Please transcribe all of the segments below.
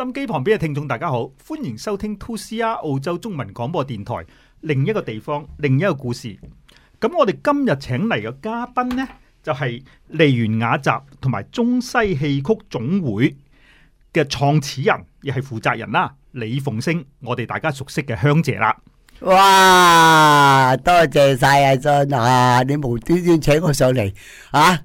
收音機旁邊嘅聽眾大家好，歡迎收聽 2CR 澳洲中文廣播電台，另一個地方，另一個故事。咁我哋今日請嚟嘅嘉賓呢，就係梨園雅集同埋中西戲曲總會嘅創始人亦係負責人啦，李鳳聲，我哋大家熟悉嘅香姐啦。哇，多謝晒啊尊啊，你無端端請我上嚟啊！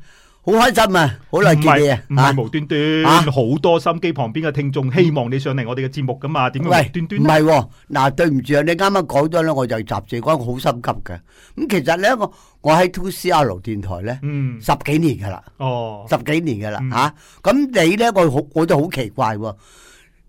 好開心啊！好耐見你啊！唔係無端端，好多心機旁邊嘅聽眾希望你上嚟我哋嘅節目噶嘛？點解無端端？唔係，嗱對唔住啊！你啱啱講咗咧，我就雜誌講好心急嘅。咁其實咧，我我喺 2CR 電台咧，十幾年噶啦，十幾年噶啦吓。咁你咧，我好，我都好奇怪，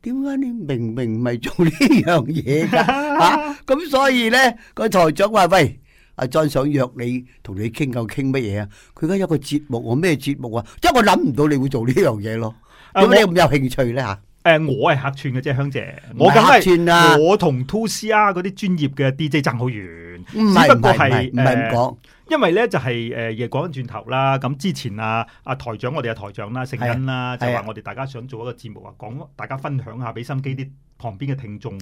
點解你明明唔係做呢樣嘢噶吓？咁所以咧，個台長話喂。」啊！再想約你同你傾夠傾乜嘢啊？佢而家有個節目，我咩節目啊？即係我諗唔到你會做呢樣嘢咯。點解、啊、你咁有興趣咧嚇？誒、啊，我係、啊、客串嘅啫，香姐。我係客串啊！我同 2CR 嗰啲專業嘅 DJ 爭好遠。唔係唔係唔係咁講。因為呢，就係、是、誒，又講翻轉頭啦。咁之前啊，阿台長我哋啊，台長啦，成恩啦，是就話我哋大家想做一個節目，啊的，講大家分享下俾心機啲旁邊嘅聽眾，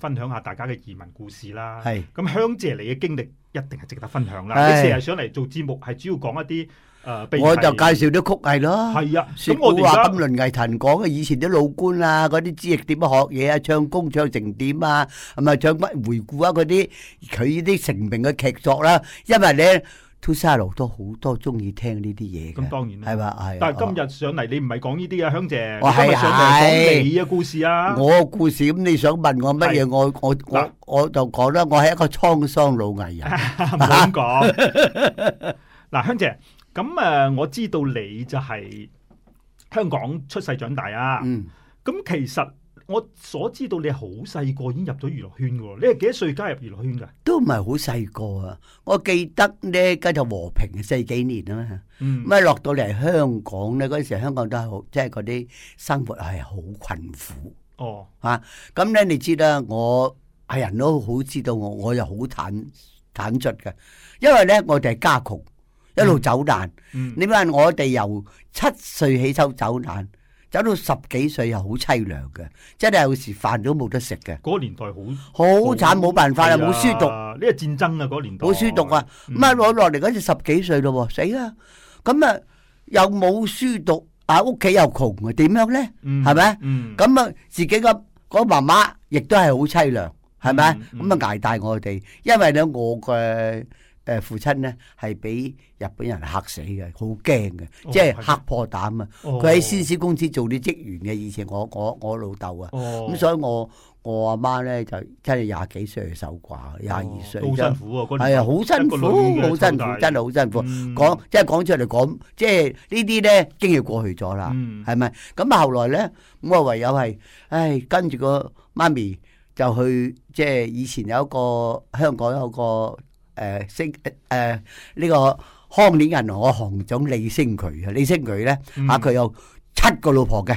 分享下大家嘅移民故事啦。咁，香姐嚟嘅經歷一定係值得分享啦。的你成日想嚟做節目，係主要講一啲。我就介紹啲曲藝咯，係啊。咁我話今論藝壇講啊，以前啲老官啊，嗰啲知識點學嘢啊，唱功唱成點啊，係咪唱乜回顧啊？嗰啲佢呢啲成名嘅劇作啦。因為咧，To Sir 都好多中意聽呢啲嘢嘅，咁當然係嘛係。但係今日上嚟，你唔係講呢啲啊，香姐，我今日上嚟講你嘅故事啊。我嘅故事咁，你想問我乜嘢？我我嗱，我就講啦，我係一個滄桑老藝人，唔好講。嗱，香姐。咁誒，我知道你就係香港出世長大啊。咁、嗯、其實我所知道你好細個已經入咗娛樂圈噶喎。你係幾多歲加入娛樂圈噶？都唔係好細個啊！我記得呢家就和平四幾年啊嘛。咁啊落到嚟香港咧，嗰陣時香港都係好，即係嗰啲生活係好困苦。哦，啊，咁咧你知啦，我係人都好知道我，我又好坦坦率嘅，因為咧我哋係家窮。一路走難，你話我哋由七歲起手走難，走到十幾歲又好淒涼嘅，真係有時飯都冇得食嘅。嗰年代好，好慘，冇辦法又冇書讀。呢個戰爭啊，嗰年代冇書讀啊，咁啊攞落嚟嗰陣十幾歲咯喎，死啦！咁啊又冇書讀，啊屋企又窮啊，點樣咧？係咪？咁啊自己個個媽媽亦都係好淒涼，係咪？咁啊捱大我哋，因為咧我嘅。誒父親咧係俾日本人嚇死嘅，好驚嘅，哦、即係嚇破膽啊！佢喺先施公司做啲職員嘅，以前我我我老豆啊，咁、哦、所以我我阿媽咧就真係廿幾歲守寡，廿二、哦、歲，好辛苦啊，係啊，好辛苦，好辛苦，真係好辛苦。講即係講出嚟講，即係呢啲咧，經要過去咗啦，係咪？咁、嗯、後來咧，咁我唯有係，唉，跟住個媽，媽咪就去，即係以前有一個香港有，個，香港有個。誒、呃，星誒呢、呃這個康年銀行嘅行長李星渠啊，李星渠咧吓佢有七個老婆嘅，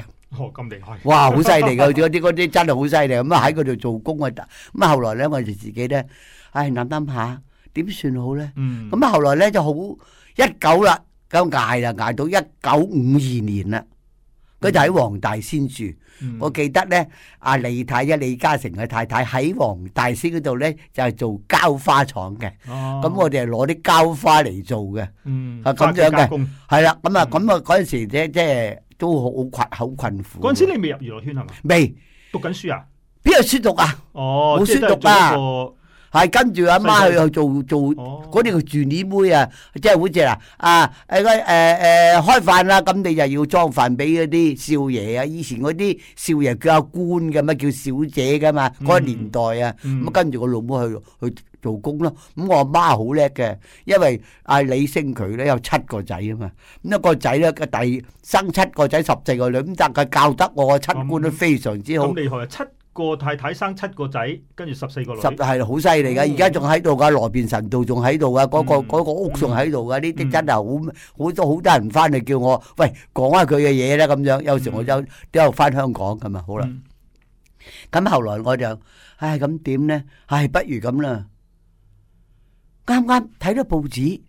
哇，好犀利噶，嗰啲嗰啲真係好犀利咁啊喺佢度做工啊，咁、嗯、啊後來咧我哋自己咧，唉諗諗下點算好咧，咁啊、嗯、後來咧就好一九啦，咁捱啦捱到一九五二年啦。佢就喺黃大仙住，嗯、我記得咧，阿李太啊，李嘉誠嘅太太喺黃大仙嗰度咧就係、是、做膠花廠嘅，咁我哋係攞啲膠花嚟做嘅，係咁樣嘅，係啦，咁啊，咁啊嗰陣時咧即係都好困好困苦。嗰陣時你未入娛樂圈係嘛？未沒讀緊書啊？邊有書讀啊？哦，冇書讀啊，即係都係係跟住阿媽，媽去去做做嗰啲、哦、住年妹啊，即係好似啦啊！誒誒誒，開飯啦、啊，咁你就要裝飯俾嗰啲少爺啊。以前嗰啲少爺叫阿官嘅，咪叫小姐嘅嘛？嗰、那個年代啊，咁、嗯嗯、跟住我老母去去做工咯。咁、嗯、我阿媽好叻嘅，因為阿李星佢咧有七個仔啊嘛。咁、那、一個仔咧個第生七個仔，十四個女，咁但係佢教得我七官都、呃嗯、非常之好。厲害啊！七。個太太生七個仔，跟住十四個老婆。十係好犀利噶，而家仲喺度噶，羅便臣道仲喺度噶，嗰個嗰個屋仲喺度噶，呢啲真係好，好多好多人翻嚟，叫我，喂，講下佢嘅嘢啦，咁樣，有時我就都有翻香港咁啊，好啦。咁後來我就，唉，咁點呢？唉，不如咁啦。啱啱睇到報紙，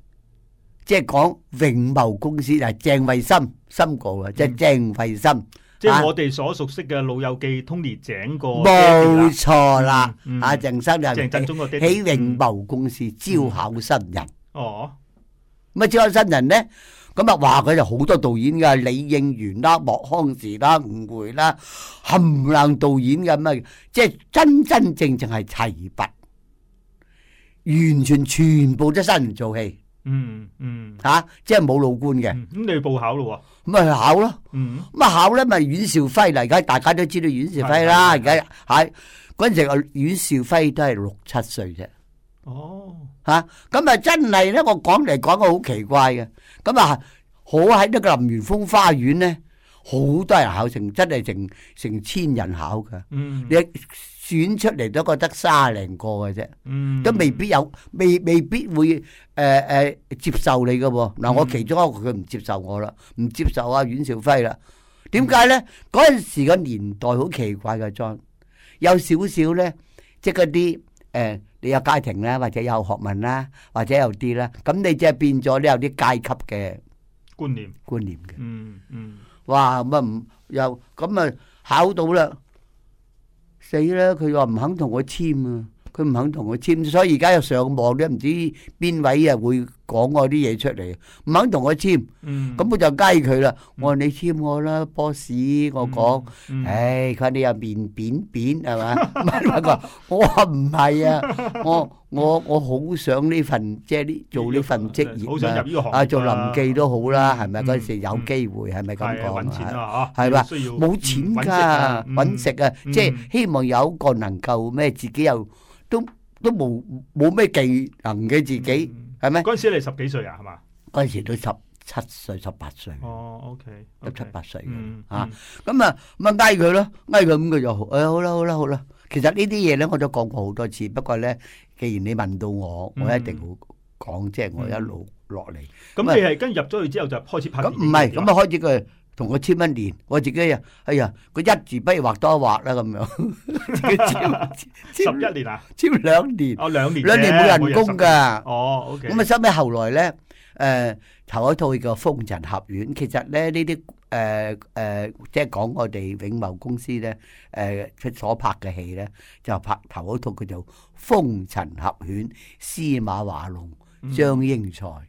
即係講榮茂公司啊，鄭慧心心哥啊，即係鄭慧心。即係我哋所熟悉嘅《老友記》，通連整過。冇錯啦，阿鄭生又鄭振中個爹哋啦，喺榮茂公司招考新人。哦，乜招考新人咧？咁啊，話佢就好多導演嘅，李應元啦、莫康時啦、吳回啦、冚唥導演咁啊，即係真真正正係齊白，完全全部都新人做戲。嗯嗯，吓、嗯啊、即係冇老官嘅，咁、嗯、你去報考咯喎，咁咪去考咯，咁啊、嗯、考咧咪阮兆輝嚟，而家大家都知道阮兆輝啦，而家係嗰陣時個阮兆輝都係六七歲啫，歲哦吓，咁啊真係咧，我講嚟講去好奇怪嘅，咁啊，好喺呢個林元峰花園咧。好多人考成真係成成千人考噶，嗯、你選出嚟都覺得卅零個嘅啫，嗯、都未必有，未未必會誒誒、呃呃、接受你噶喎、啊。嗱、嗯，我其中一個佢唔接受我啦，唔接受阿、啊、阮兆輝啦。點解咧？嗰陣、嗯、時個年代好奇怪嘅狀，John, 有少少咧，即係嗰啲誒，你有家庭啦，或者有學問啦，或者有啲啦，咁你即係變咗你有啲階級嘅觀念觀念嘅。嗯嗯。哇！咪唔又咁咪考到嘞，死啦！佢話唔肯同我簽啊！佢唔肯同我簽，所以而家又上網啲唔知邊位啊會講我啲嘢出嚟，唔肯同我簽，咁我就雞佢啦。我話你簽我啦，boss，我講，唉，佢話你又面扁扁係嘛？我話唔係啊，我我我好想呢份即係呢做呢份職業，啊，做臨記都好啦，係咪嗰時有機會係咪咁講啊？係嘛，冇錢㗎，揾食啊，即係希望有一個能夠咩，自己又。都冇冇咩技能嘅自己，係咩、嗯？嗰陣嗎時你十幾歲啊，係嘛？嗰陣時都十七歲、十八歲。哦，OK，, okay 十七八歲嘅吓。咁、嗯、啊，咪嗌佢咯，嗌佢咁句就好。誒、哎，好啦，好啦，好啦。其實呢啲嘢咧，我都講過好多次。不過咧，既然你問到我，嗯、我一定會講，即、就、係、是、我一路落嚟。咁、嗯嗯、你係跟入咗去之後就開始拍？咁唔係，咁啊開始佢。同我簽一年，我自己啊，哎呀，佢一字不如畫多一畫啦咁樣，簽十一年啊，簽兩年，哦兩年，兩年冇人工噶。哦，咁、okay、啊，收尾後來咧，誒、呃，頭一，呃就是呃、一套叫《風塵合院》，其實咧呢啲誒誒，即係講我哋永茂公司咧，誒，所拍嘅戲咧，就拍頭一套叫做《風塵合院》，「司馬華龍、張英才。嗯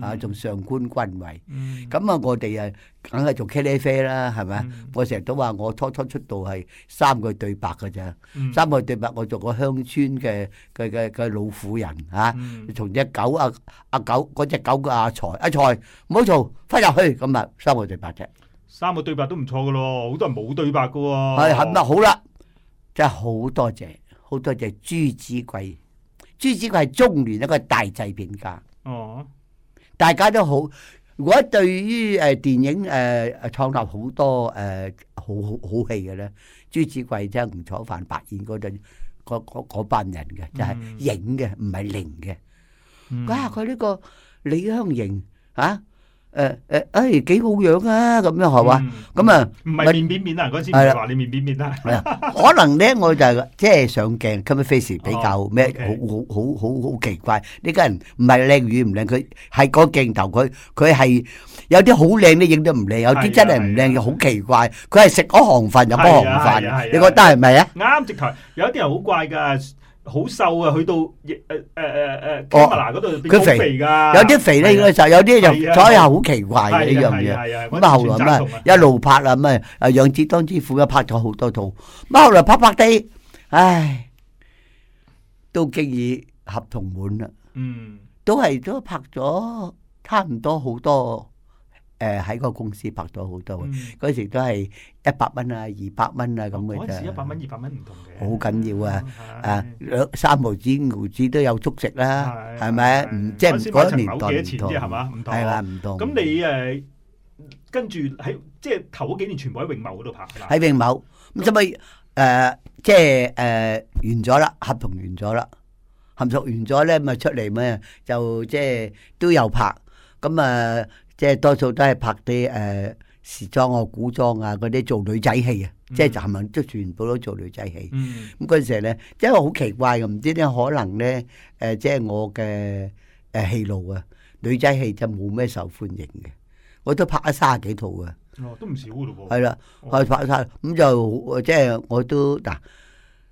啊！仲上官君位，咁啊，我哋啊，梗係做茄喱啡啦，係咪？我成日都話我初初出道係三個對白嘅啫，三個對白我做個鄉村嘅嘅嘅嘅老婦人啊，同隻狗啊，阿狗嗰隻狗阿財阿財，唔好嘈，翻入去咁啊，三個對白啫。三個對白都唔錯嘅咯，好多人冇對白嘅喎。係，啊好啦，真係好多謝，好多謝朱子貴，朱子貴係中聯一個大製片㗎。哦。大家都好，如果對於誒電影誒、呃、創立多、呃、好多誒好好好戲嘅咧，朱子貴真係吳楚帆白燕嗰陣，嗰班人嘅就係影嘅，唔係零嘅。睇下佢呢個李香凝啊！誒誒，哎幾好樣啊！咁樣係嘛，咁啊，唔係面扁面啊，嗰時唔係話你面扁面啦， 可能咧我就係、是、即係上鏡今日 m e face 比較咩、哦 okay，好好好好好奇怪，呢家人唔係靚與唔靚，佢係個鏡頭，佢佢係有啲好靚，你影都唔靚，有啲真係唔靚嘅，好奇怪，佢係食嗰行飯有嗰行飯。啊啊啊啊、你覺得係咪啊？啱直頭，有啲人好怪噶。好瘦啊，去到誒誒誒誒，嗱，度佢肥噶，有啲肥呢，嗰時候，有啲就，所以好奇怪嘅呢樣嘢。咁啊後來咁一路拍啦，咁啊《楊志當知府》又拍咗好多套，咁後來拍拍哋，唉，都經已合同滿啦。嗯，都係都拍咗差唔多好多。誒喺個公司拍咗好多，嗰時都係一百蚊啊、二百蚊啊咁嘅。嗰陣時一百蚊、二百蚊唔同嘅。好緊要啊！啊，兩三毫子、五毫子都有足食啦，係咪？唔即係嗰個年代唔同。係啊，唔同。咁你誒跟住係即係頭嗰幾年全部喺永茂嗰度拍。喺永茂咁，使咪誒即係誒完咗啦，合同完咗啦，合作完咗咧，咪出嚟咪就即係都有拍咁啊！即係多數都係拍啲誒、呃、時裝啊、古裝啊嗰啲做女仔戲啊，嗯、即係冚唪唥全部都做女仔戲。咁嗰陣時候呢，真係好奇怪嘅，唔知咧可能呢，呃、即係我嘅誒戲路啊，女仔戲就冇咩受歡迎嘅。我都拍咗三廿幾套啊，哦、都唔少嘅噃，係啦的，哦、我拍晒咁就即係我都嗱，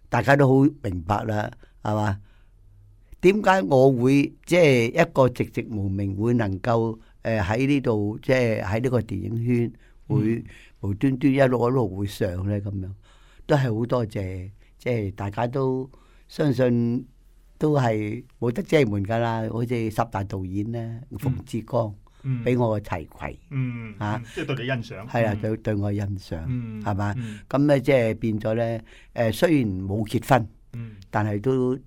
大家都好明白啦，係嘛？點解我會即係一個籍籍無名會能夠？誒喺呢度，即係喺呢個電影圈，會無端端一路一路會上咧咁樣，都係好多謝，即係大家都相信都係冇得遮門㗎啦。好似十大導演咧，馮志剛俾我個提攜，嚇、嗯，嗯啊、即係對你欣賞，係、嗯、啊，對對我欣賞，係嘛？咁咧即係變咗咧，誒雖然冇結婚，但係都。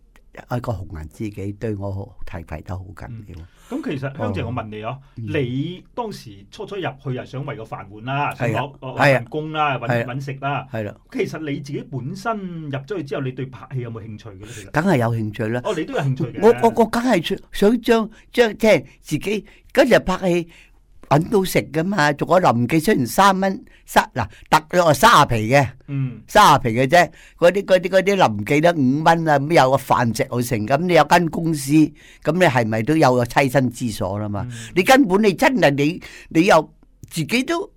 一個紅顏知己對我好，提攜得好緊要。咁、嗯嗯、其實香姐，我問你啊，嗯、你當時初初入去啊，想為個飯碗啦，係我的，係啊拿，供啦的，搵食啦，係啦。其實你自己本身入咗去之後，你對拍戲有冇興趣嘅咧？梗係有興趣啦。趣哦，你都有興趣我。我我我梗係想想將將即係自己跟住拍戲。搵到食噶嘛？做嗰臨記雖然三蚊，三嗱特約啊三十皮嘅，三十皮嘅啫。嗰啲嗰啲嗰啲臨記得五蚊啊，咁、嗯啊、有個飯食好成。咁你有間公司，咁你係咪都有個棲身之所啦嘛？嗯、你根本你真係你你又自己都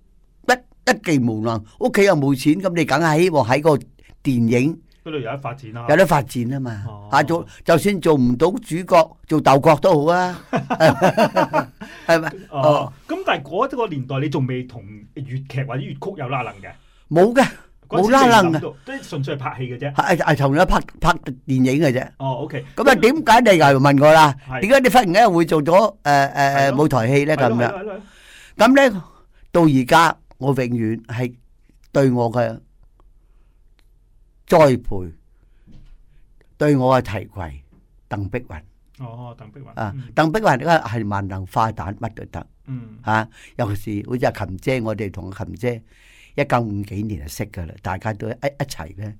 一技無能，屋企又冇錢，咁你梗係希望喺個電影。嗰度有得發展啊！有得發展啊嘛！嚇做就算做唔到主角，做鬥角都好啊，係咪？哦，咁但係嗰個年代你仲未同粵劇或者粵曲有拉楞嘅，冇嘅，冇拉楞嘅，都純粹係拍戲嘅啫，係係同樣拍拍電影嘅啫。哦，OK。咁啊，點解你又問我啦？點解你忽然間會做咗誒誒舞台戲咧？咁樣。咁咧，到而家我永遠係對我嘅。栽培對我嘅提攜，鄧碧雲。哦，鄧碧雲。啊，鄧碧雲咧係萬能化彈，乜都得。嗯。啊，尤其是好似阿琴姐，我哋同阿琴姐一九五幾年就識㗎喇，大家都一一齊咧，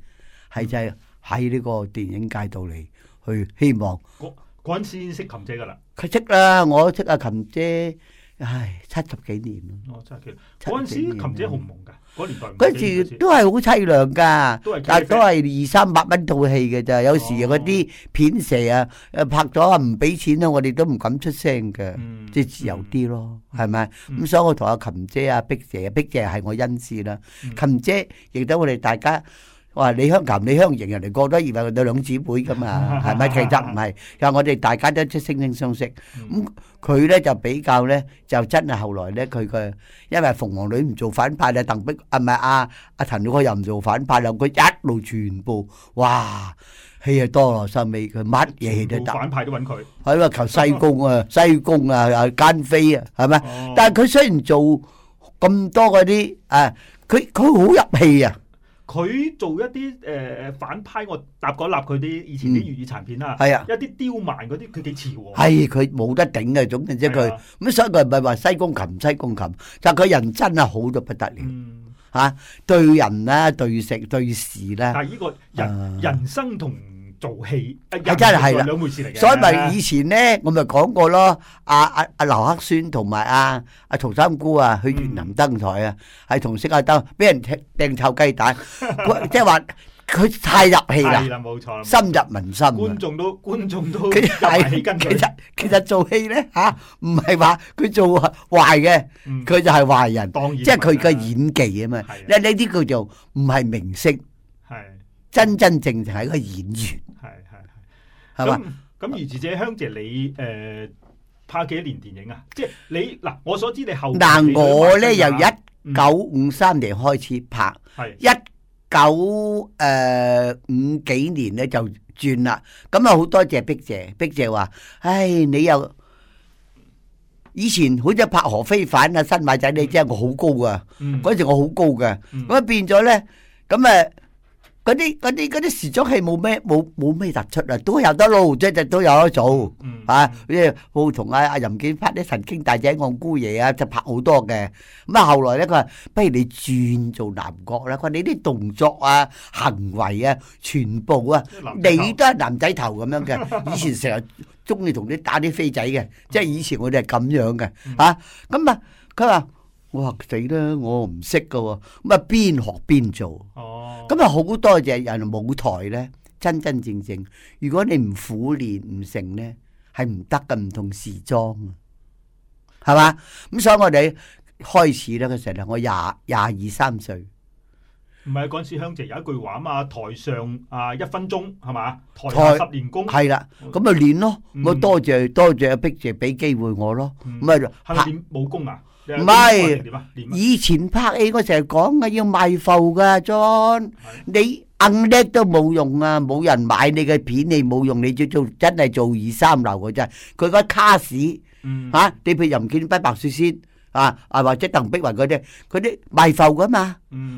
係、嗯、就係喺呢個電影界度嚟去希望。我嗰陣時已經認識琴姐㗎喇。佢識啦，我識阿琴姐。唉，七十幾年咯。哦，真係，其實嗰陣時琴姐好忙噶，嗰年代嗰陣時都係好淒涼噶，都係但係都係二三百蚊套戲嘅咋。有時嗰啲片蛇啊，誒拍咗啊唔俾錢啦，我哋都唔敢出聲嘅，即係、嗯、自由啲咯，係咪？咁所以我同阿琴姐啊，碧姐啊，碧姐係我恩師啦，嗯、琴姐亦都我哋大家。話李香琴、李香凝，人哋覺得以為佢哋兩姊妹噉呀，係咪？其實唔係，但係我哋大家都即係惺惺相惜。咁佢咧就比較咧，就真係後來咧，佢嘅因為鳳凰女唔做反派啦，鄧碧啊，唔係啊，啊陳玉又唔做反派啦，佢一路全部哇，戲又多咯，收尾佢乜嘢戲都得。反派都揾佢，係咪？求西宮啊？西宮啊，阿奸妃啊，係咪？但係佢雖然做咁多嗰啲啊，佢佢好入戲啊。佢做一啲誒誒反派，我搭講立佢啲以前啲粵語殘片啦，嗯啊、一啲刁蠻嗰啲，佢幾似喎！係佢冇得頂嘅、啊，總之即係佢。咁、啊、所以佢唔係話西宮琴西宮琴，但佢人真係好到不得了嚇、嗯啊，對人呢、啊，對食對事呢、啊，但係呢個人、啊、人生同。做戲係真係係啦，兩回事嚟嘅。所以咪以前咧，我咪講過咯。阿阿阿劉克宣同埋阿阿陶三姑啊，去越南登台啊，係同色阿燈，俾人踢掟臭雞蛋。即係話佢太入戲啦，深入民心。觀眾都觀眾都，其實其實做戲咧吓，唔係話佢做壞嘅，佢就係壞人。當然，即係佢嘅演技啊嘛。你呢啲叫做唔係明星，係真真正正係一個演員。咁咁，如此者、香姐，你誒、呃、拍幾多年電影啊？即係你嗱、呃，我所知你後面，嗱、呃、我咧由一九五三年開始拍，係一九誒五幾年咧就轉啦。咁啊好多謝碧姐，碧姐話：，唉，你又以前好似拍《何非凡》啊、《新馬仔》你真係我好高噶，嗰陣、嗯、我好高嘅，咁、嗯嗯、啊變咗咧，咁誒。嗰啲啲啲時裝戲冇咩冇冇咩突出啊，都有得撈，即係都有得做嚇。即係好同阿阿任劍輝啲神經大仔，漢、嗯、姑爺啊，就拍好多嘅。咁、嗯、啊，後來咧，佢話不如你轉做男角啦。佢話你啲動作啊、行為啊、全部啊，你都係男仔頭咁樣嘅。 以前成日中意同啲打啲飛仔嘅，即係以前我哋係咁樣嘅嚇。咁啊，佢、嗯、話。嗯嗯我話死啦，我唔識噶，咁啊邊學邊做，咁啊好多謝人舞台咧，真真正正，如果你唔苦練唔成咧，係唔得噶，唔同時裝，係嘛？咁所以我哋開始咧嗰時啦，我廿廿二三歲，唔係嗰陣時香姐有一句話啊嘛，台上啊一分鐘係嘛，台上十年功，係啦，咁咪練咯，我多謝多謝阿碧姐俾機會我咯，咪練武功啊！唔係，以前拍戲嗰時我成日講嘅要賣埠嘅，John，你硬叻都冇用啊，冇人買你嘅片，你冇用，你就做真係做二三流嘅啫。佢嗰 cast 嚇，你譬如任劍輝白雪仙啊，啊或者鄧碧雲嗰啲，佢啲賣埠嘅嘛，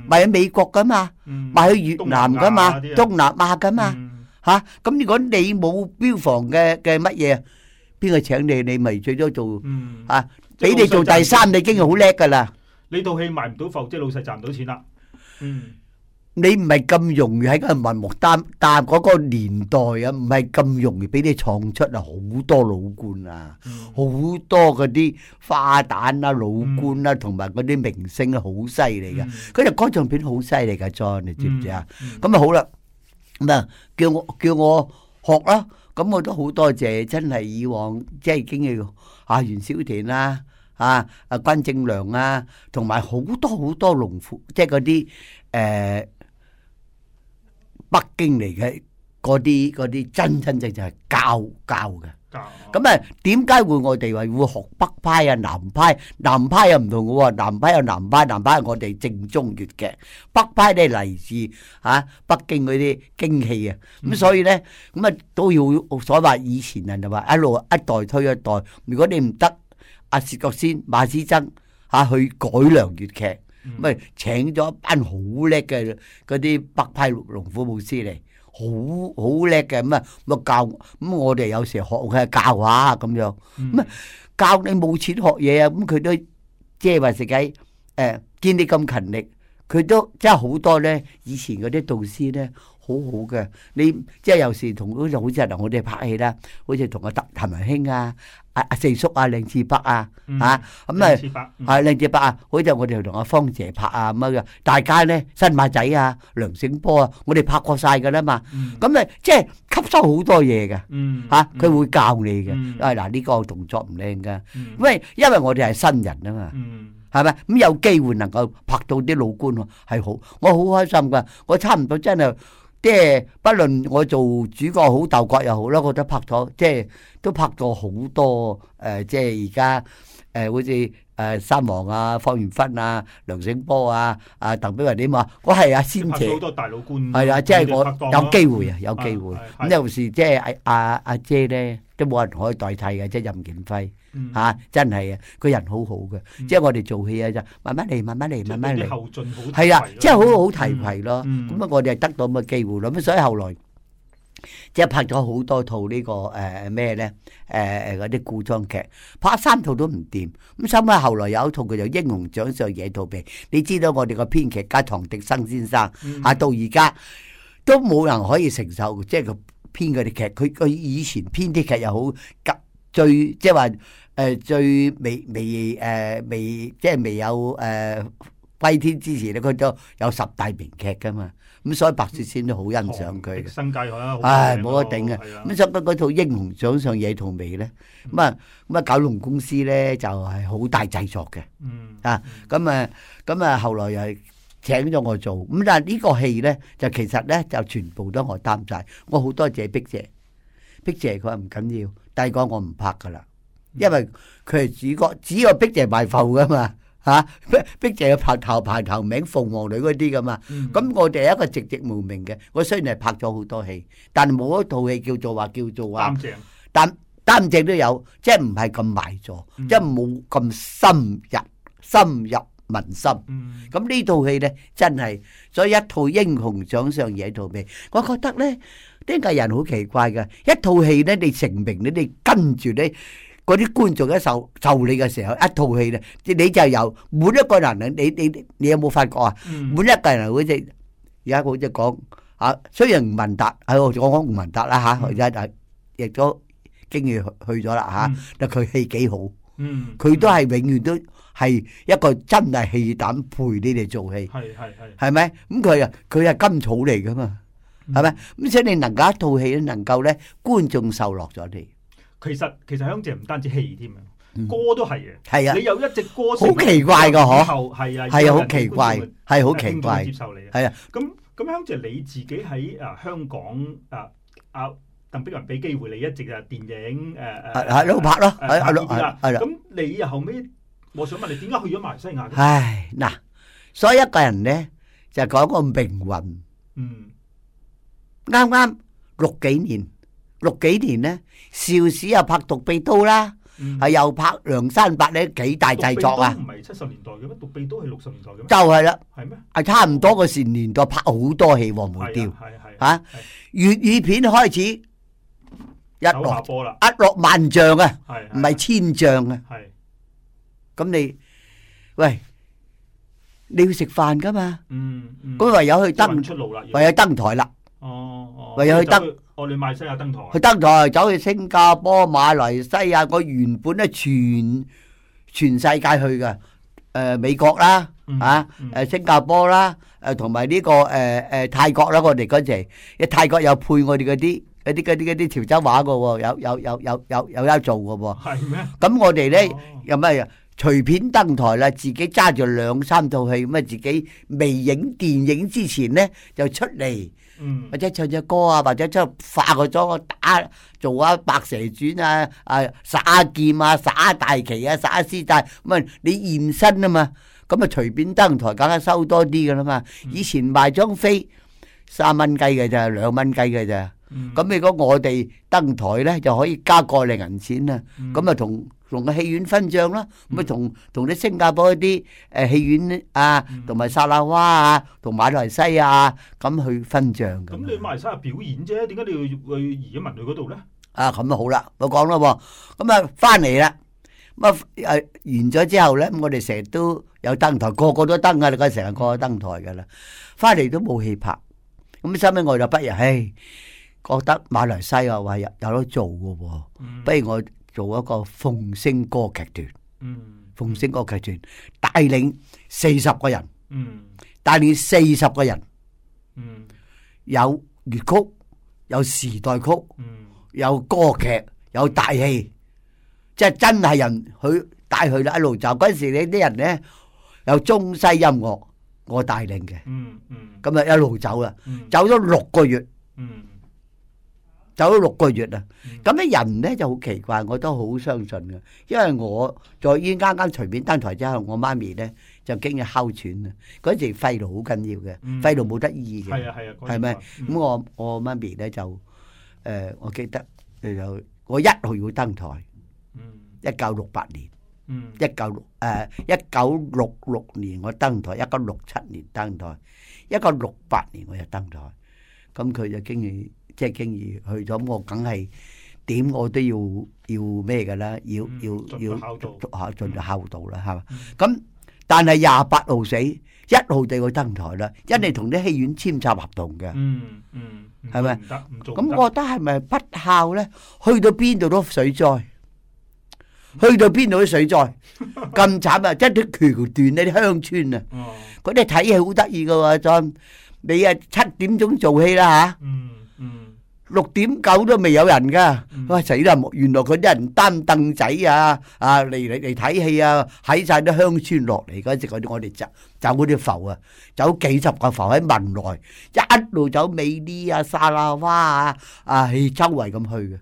賣喺美國嘅嘛，賣去越南嘅嘛，東南亞嘅嘛嚇。咁如果你冇票房嘅嘅乜嘢，邊個請你？你咪最多做嚇。俾你做第三，你經已好叻噶啦！你套戲賣唔到埠，即係老實賺唔到錢啦。嗯，你唔係咁容易喺嗰個文幕擔擔嗰個年代啊，唔係咁容易俾你創出啊，好多老倌啊，好多嗰啲花旦啦、老倌啦，同埋嗰啲明星都好犀利嘅。嗰啲歌唱片好犀利嘅，尊你知唔知啊？咁啊好啦，嗱，叫我叫我學啦。咁我都好多謝，真係以往即係經已阿袁小田啦。啊！阿關正良啊，同埋好多好多農夫，即係嗰啲誒北京嚟嘅嗰啲嗰啲真真正正係教教嘅。教咁啊？點解會我哋話會學北派啊、南派？南派又唔同嘅喎，南派有南派，南派係我哋正宗粵劇，北派呢嚟自啊北京嗰啲京戲啊。咁所以呢，咁啊都要所話以前人就話一路一代推一代，如果你唔得。阿薛覺先、馬師曾嚇去改良粵劇，咪、嗯、請咗一班好叻嘅嗰啲北派龍虎武師嚟，好好叻嘅咁啊，咪、嗯嗯嗯、教咁、嗯、我哋有時學佢教下咁樣，咁啊教你冇錢學嘢啊，咁、嗯、佢都即係話食雞誒，見你咁勤力，佢都真係好多咧以前嗰啲導師咧。好好嘅，你即係有時同好似好多人，我哋拍戲啦，好似同阿譚文卿啊、阿阿四叔啊、靚次伯啊嚇，咁、嗯、啊，靚次、嗯、就北啊，好似我哋同阿方姐拍啊咁樣嘅大家咧新馬仔啊、梁醒波啊，我哋拍過晒嘅啦嘛，咁啊、嗯、即係吸收好多嘢嘅嚇，佢、嗯啊、會教你嘅，嗱呢、嗯啊呢個動作唔靚噶，咁、嗯、因，因為我哋係新人啊嘛，係咪咁有機會能夠拍到啲老官喎係好，好，我好開心嘅，我差唔多真係。即係，不論我做主角好、鬥角又好啦，我覺得拍咗即係都拍咗好多誒、呃，即係而家誒好似。呃誒，三王啊，方元芬啊，梁醒波啊，阿鄧炳雲點啊？我係阿仙姐，好多大佬官係啊，即係我有機會啊，有機會。咁有時即係阿阿阿姐咧，都冇人可以代替嘅，即係任劍輝吓，真係啊，佢人好好嘅，即係我哋做戲啊，就慢慢嚟，慢慢嚟，慢慢嚟。後進好係啦，即係好好提携咯。咁啊，我哋係得到咁嘅機會咯。咁所以後來。即係拍咗好多套，這個呃、呢個誒咩咧？誒嗰啲古裝劇，拍三套都唔掂。咁收尾後來有一套佢，就《英雄掌上野荼薇》，你知道我哋個編劇家唐滌生先生，吓、嗯、到而家都冇人可以承受，即係佢編嗰啲劇。佢佢以前編啲劇又好急，最即係話誒最未未誒、呃、未即係未有誒歸、呃、天之前咧，佢都有十大名劇噶嘛。咁所以白雪仙都好欣賞佢、啊，唉冇得頂嘅。咁所以嗰套《英雄掌上野兔尾》咧、嗯，咁啊咁啊，九龍公司咧就係、是、好大製作嘅。嗯、啊，咁啊咁啊，後來又請咗我做，咁但係呢個戲咧就其實咧就全部都我擔晒。我好多謝碧姐，碧姐佢話唔緊要，第二個我唔拍噶啦，因為佢係主角，主角碧姐埋伏噶嘛。吓，逼逼住去拍頭排頭名鳳凰女嗰啲㗎嘛！咁我哋係一個籍籍無名嘅，我雖然係拍咗好多戲，但係冇一套戲叫做話叫做啊，擔正，擔擔正都有，即係唔係咁埋座，即係冇咁深入深入民心。咁呢套戲咧，真係所以一套英雄掌上惹套戲。我覺得咧，啲人好奇怪嘅，一套戲咧你成名，你哋跟住咧。嗰啲觀眾一受受你嘅時候，一套戲咧，即係你就有每一個男人，你你你有冇發覺啊？每一個男人嗰隻，而家好即係講嚇，雖然吳文達，我講講吳文達啦嚇，佢而家亦都經已去咗啦嚇，但佢戲幾好，佢都係永遠都係一個真係戲膽陪你哋做戲，係係係，係咪？咁佢啊，佢係甘草嚟噶嘛，係咪？咁所以你能夠一套戲能夠咧，觀眾受落咗你。其實其實香姐唔單止戲添啊，歌都係啊，你有一隻歌聲，好奇怪㗎嗬，係啊，係啊，好奇怪，係好奇怪，接受你啊，係啊，咁咁香姐你自己喺啊香港啊啊鄧碧雲俾機會你一直就係電影誒誒，係咯拍咯，係咯係咯，咁你後尾，我想問你點解去咗馬來西亞嘅？唉嗱，所以一個人咧就係講個命運，嗯，啱啱六幾年。六幾年咧，邵氏又拍《獨臂刀》啦，係又拍《梁山伯》咧，幾大製作啊！《獨臂刀》唔係七十年代嘅咩，《獨臂刀》係六十年代。就係啦，係咩？係差唔多嗰時年代拍好多戲，黃梅調吓，粵語片開始一落波啦，一落萬丈啊，唔係千丈啊。係咁你喂，你要食飯噶嘛？嗯嗯。咁唯有去登出路啦，唯有登台啦。哦哦，唯有去登。你馬西亞登台，去登台走去新加坡、馬來西亞個原本咧全全世界去嘅，誒、呃、美國啦，啊誒、嗯嗯、新加坡啦，誒同埋呢個誒誒、呃、泰國啦，我哋嗰陣，泰國有配我哋嗰啲嗰啲嗰啲啲潮州話嘅喎，有有有有有有得做嘅喎。係咩嗎？咁我哋咧又咪隨便登台啦，自己揸住兩三套戲，咪自己未影電影之前咧就出嚟。或者唱隻歌啊，或者出去化個妝，打做下、啊、白蛇傳啊，啊耍劍啊，耍大旗啊，耍師帶，咁、嗯、啊你現身啊嘛，咁啊隨便登台梗係收多啲噶啦嘛，以前賣張飛三蚊雞嘅咋，兩蚊雞嘅咋。咁你講我哋登台咧，就可以加過嚟銀錢啊！咁啊、嗯，同同個戲院分賬啦，咁啊、嗯，同同啲新加坡啲誒戲院啊，同埋、嗯、沙拉哇啊，同馬來西亞咁、啊、去分賬。咁你馬來西亞表演啫，點解你要去移民去嗰度咧？啊，咁啊好啦，我講啦，咁啊翻嚟啦，咁啊誒完咗之後咧，我哋成日都有登台，個個都登噶、啊、啦，成日個登、啊、個登台噶啦，翻嚟都冇戲拍，咁收尾外就不業，唉、欸。欸欸覺得馬來西亞話有有得做嘅，不如我做一個鳳聲歌劇團。鳳聲歌劇團帶領四十個人，帶領四十個人，有粵曲，有時代曲，有歌劇，有大戲，即係真係人佢帶佢一路走。嗰陣時你啲人呢有中西音樂，我帶領嘅。咁啊一路走啦，走咗六個月。走咗六個月啊！咁咧、嗯、人咧就好奇怪，我都好相信嘅，因為我在依啱啱隨便登台之後，我媽咪咧就驚佢哮喘啊！嗰時肺癆好緊要嘅，肺癆冇得醫嘅，係咪、嗯？咁我、嗯、我媽咪咧就誒、呃，我記得就我一號要登台，一九六八年，一九六誒一九六六年我登台，一九六七年登台，一九六八年我又登台。咁佢就經已即係經已去咗，咁我梗係點我都要要咩嘅啦？要要要讀下盡孝道啦，係嘛？咁但係廿八號死，一號就要登台啦，一嚟同啲戲院簽晒合同嘅。嗯嗯，係咪？咁我覺得係咪不孝咧？去到邊度都水災，去到邊度都水災，咁慘啊！即係斷斷啲鄉村啊，嗰啲睇戲好得意嘅喎，真。你啊七點鐘做戲啦，吓，嗯嗯，六點九都未有人噶，嗯、哇死啦！原來佢啲人擔凳仔啊，啊嚟嚟嚟睇戲啊，喺晒啲鄉村落嚟嗰時我，我哋走走嗰啲浮啊，走幾十個浮喺文萊一路走美啲啊沙拉花啊、啊、哎、周圍咁去嘅，啊、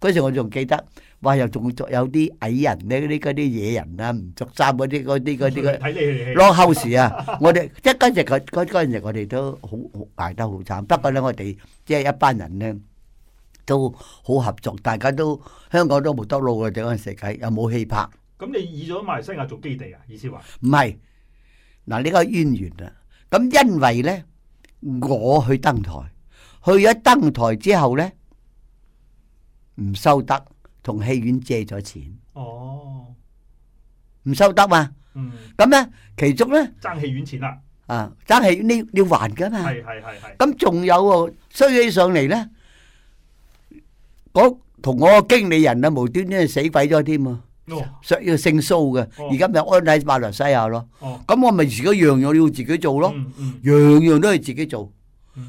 嗰、嗯、時我仲記得。哇！又仲有啲矮人咧，啲嗰啲野人啊，唔著衫嗰啲，嗰啲嗰啲嘅。睇你嚟，落後時啊！我哋一嗰陣時，嗰嗰嗰陣時，我哋都好捱得好慘。不過咧，我哋即係一班人咧都好合作，大家都香港都冇得攞嘅嗰陣時，又冇戲拍。咁你以咗馬來西亞做基地啊？意思話？唔係嗱，呢個淵源啊。咁因為咧，我去登台，去咗登台之後咧，唔收得。同戲院借咗錢，哦，唔收得嘛，嗯，咁咧，其中咧，爭戲院錢啦，啊，爭戲院，你要還噶嘛，係係係係，咁仲有哦，衰起上嚟咧，我同我個經理人啊，無端端死鬼咗添啊，哦，所以姓蘇嘅，而家咪安喺馬來西亞咯，哦，咁我咪如果樣樣要自己做咯，嗯嗯，樣樣都要自己做，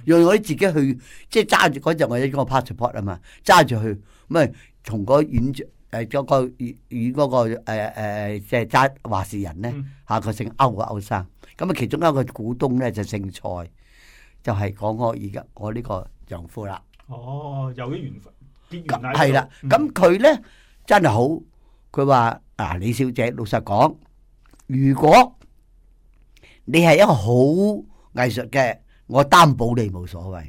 用我啲自己去，即係揸住嗰陣，我有咗個 passport 啊嘛，揸住去，咪。從嗰演誒嗰個演嗰個誒誒即係揸話事人呢、嗯，下個姓歐嘅歐生，咁啊其中一個股東呢，就姓蔡，就係講我而家我呢個丈夫啦。哦，有啲緣分，結緣係啦。咁佢呢，真係好，佢話啊李小姐，老實講，如果你係一個好藝術嘅，我擔保你冇所謂。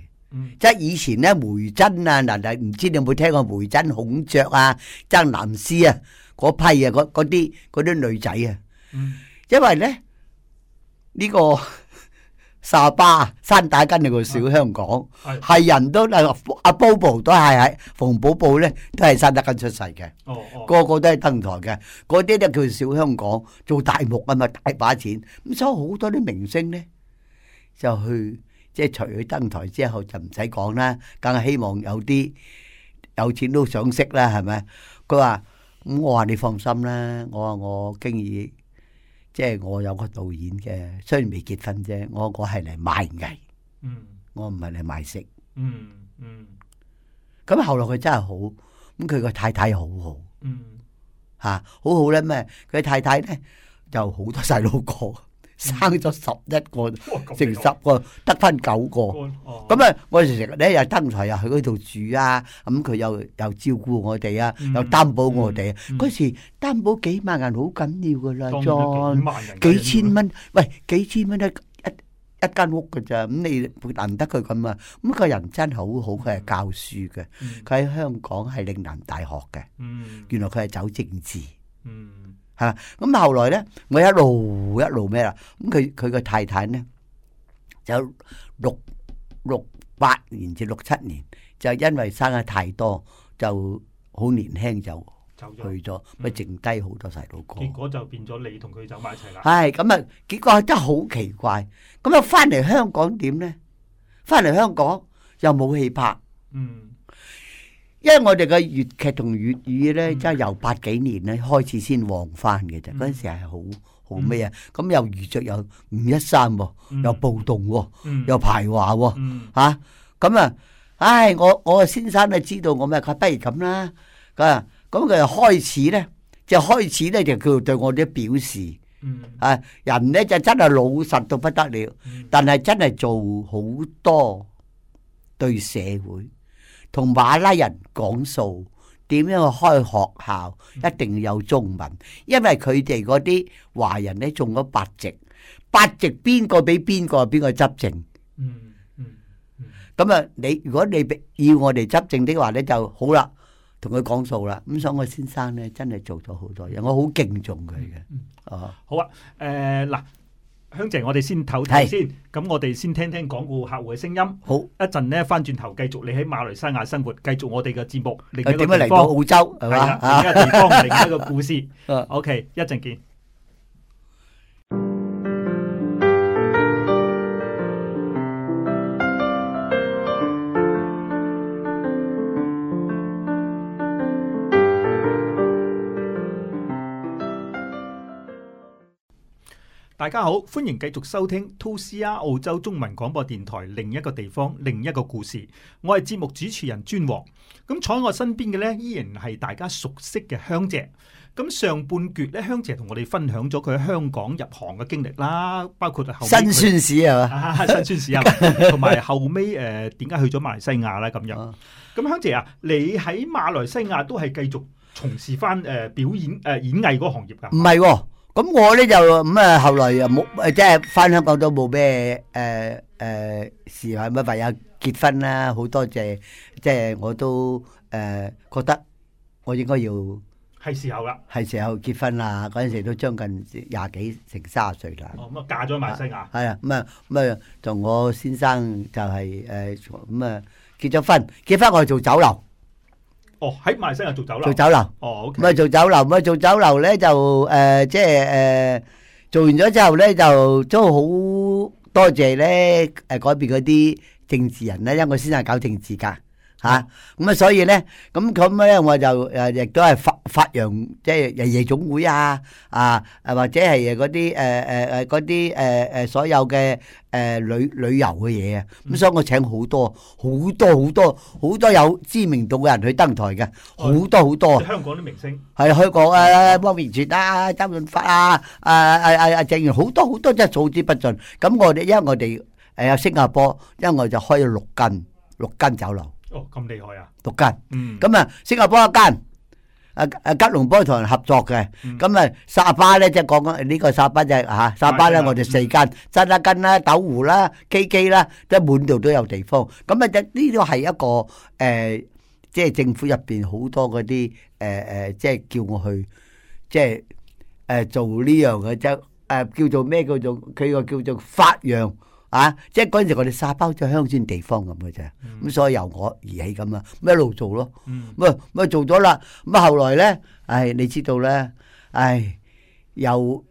即係以前呢，梅珍啊，嗱嗱，唔知你有冇聽過梅珍、孔雀啊、曾藍絲啊嗰批啊，嗰啲啲女仔啊。嗯、因為呢，呢、呢個沙巴山打根你個小香港，係人都係阿 Bobo 都係喺馮寶寶咧都係山打根出世嘅，哦哦、個個都係登台嘅，嗰啲都叫小香港做大木啊，咪大把錢，咁所以好多啲明星呢，就去。即係除咗登台之後就唔使講啦，梗係希望有啲有錢都想識啦，係咪？佢話：咁、嗯、我話你放心啦，我話我經已即係我有個導演嘅，雖然未結婚啫。我我係嚟賣藝，嗯、我唔係嚟賣色。嗯嗯。咁、嗯、後來佢真係好，咁佢個太太好好，嚇、嗯啊、好好呢咩？佢太太呢，就好多細路哥。生咗十一個，成十個得翻九個。咁啊，我成日咧又登台又去嗰度住啊，咁佢又又照顧我哋啊，又擔保我哋。嗰時擔保幾萬人，好緊要噶啦，裝幾千蚊，喂幾千蚊一一一間屋噶咋？咁你難得佢咁啊？咁個人真係好好，佢係教書嘅，佢喺香港係嶺南大學嘅。原來佢係走政治。嚇！咁後來咧，我一路一路咩啦？咁佢佢個太太咧，就六六八年至六七年，就因為生得太多，就好年輕就去咗走咗，咪、嗯、剩低好多細路哥。結果就變咗你同佢走埋一齊啦。係咁啊！結果真係好奇怪。咁啊，翻嚟香港點咧？翻嚟香港又冇戲拍，嗯。因為我哋嘅粵劇同粵語咧，即係由八幾年咧開始先旺翻嘅啫。嗰陣、嗯、時係好好咩啊？咁、嗯、又遇着有五一三喎，嗯、又暴動喎、哦，嗯、又排華喎、哦，咁啊，啊！唉，我我先生咧知道我咩，佢不如咁啦。佢咁佢就開始咧，就開始咧就佢對我哋表示。嗯、啊，人咧就真係老實到不得了，但係真係做好多對社會。同馬拉人講數，點樣去開學校，一定要有中文，嗯、因為佢哋嗰啲華人咧中咗八席，八席邊個俾邊個邊個執政？嗯嗯咁啊，嗯、你如果你要我哋執政的話咧，就好啦，同佢講數啦。咁所以我先生咧真係做咗好多嘢，我好敬重佢嘅。哦、嗯，嗯、啊好啊，誒、呃、嗱。香姐，我哋先唞唞先，咁是我哋先聽聽港股客戶嘅聲音。好，一陣咧翻轉頭繼續你喺馬來西亞生活，繼續我哋嘅節目，另一個地方，你點樣嚟澳洲係嘛，了 另一個地方，另一個故事。 OK，一陣見。大家好，歡迎繼續收聽 2CR 澳洲中文廣播電台，另一個地方，另一個故事。我係節目主持人尊王，咁坐喺我身邊嘅呢，依然係大家熟悉嘅香姐。咁上半橛呢，香姐同我哋分享咗佢喺香港入行嘅經歷啦，包括後辛酸史係嘛，辛酸史啊，同埋 後尾誒，點、呃、解去咗馬來西亞呢？咁樣咁、啊、香姐啊，你喺馬來西亞都係繼續從事翻誒表演誒、呃呃、演藝嗰行業噶？唔係、啊。咁我咧就咁啊，後來又冇，即係翻香港都冇咩誒誒時限唯有，呃呃、結婚啦好多謝、就是，即、就、係、是、我都誒、呃、覺得我應該要係時候啦，係時候結婚啦，嗰陣時都將近廿幾成卅歲啦。咁啊、哦嗯、嫁咗埋新加坡，係啊，咁啊咁啊，同、嗯、我先生就係誒咁啊結咗婚，結婚我係做酒樓。哦，喺馬來西亞啊，做酒樓。做酒樓。哦，O K。唔係做酒樓，唔係做酒樓咧就誒，即係誒，做完咗之後咧就都好多謝咧誒、呃，改變嗰啲政治人咧，因為我先生係搞政治噶。啊咁啊！所以咧，咁咁咧，我就誒亦都係發發揚，即係夜夜總會啊啊，或者係誒嗰啲誒誒誒嗰啲誒誒所有嘅誒旅旅遊嘅嘢啊。咁所以我請好多好多好多好多有知名度嘅人去登台嘅，好多好多。香港啲明星係香港啊，汪明荃啊，周潤發啊，啊啊啊鄭源好多好多真係數之不盡。咁我哋因為我哋誒有新加坡，因為我就開咗六間六間酒樓。哦，咁厲害啊！六間，嗯，咁啊，新加坡一間，阿阿吉隆坡同人合作嘅，咁啊，沙巴咧，即係講緊呢個沙巴即係嚇，沙巴咧我哋四間，山打根啦，斗湖啦，基基啦，即係滿度都有地方。咁啊，即係呢個係一個誒，即係政府入邊好多嗰啲誒誒，即係叫我去即係誒做呢樣嘅即係誒叫做咩叫做佢個叫做發揚。啊！即係嗰陣時，我哋沙包咗鄉村地方咁嘅啫，咁所以由我而起咁啊，咁一路做咯。嗯，喂，咁啊做咗啦。咁啊後來咧，唉，你知道咧，唉，又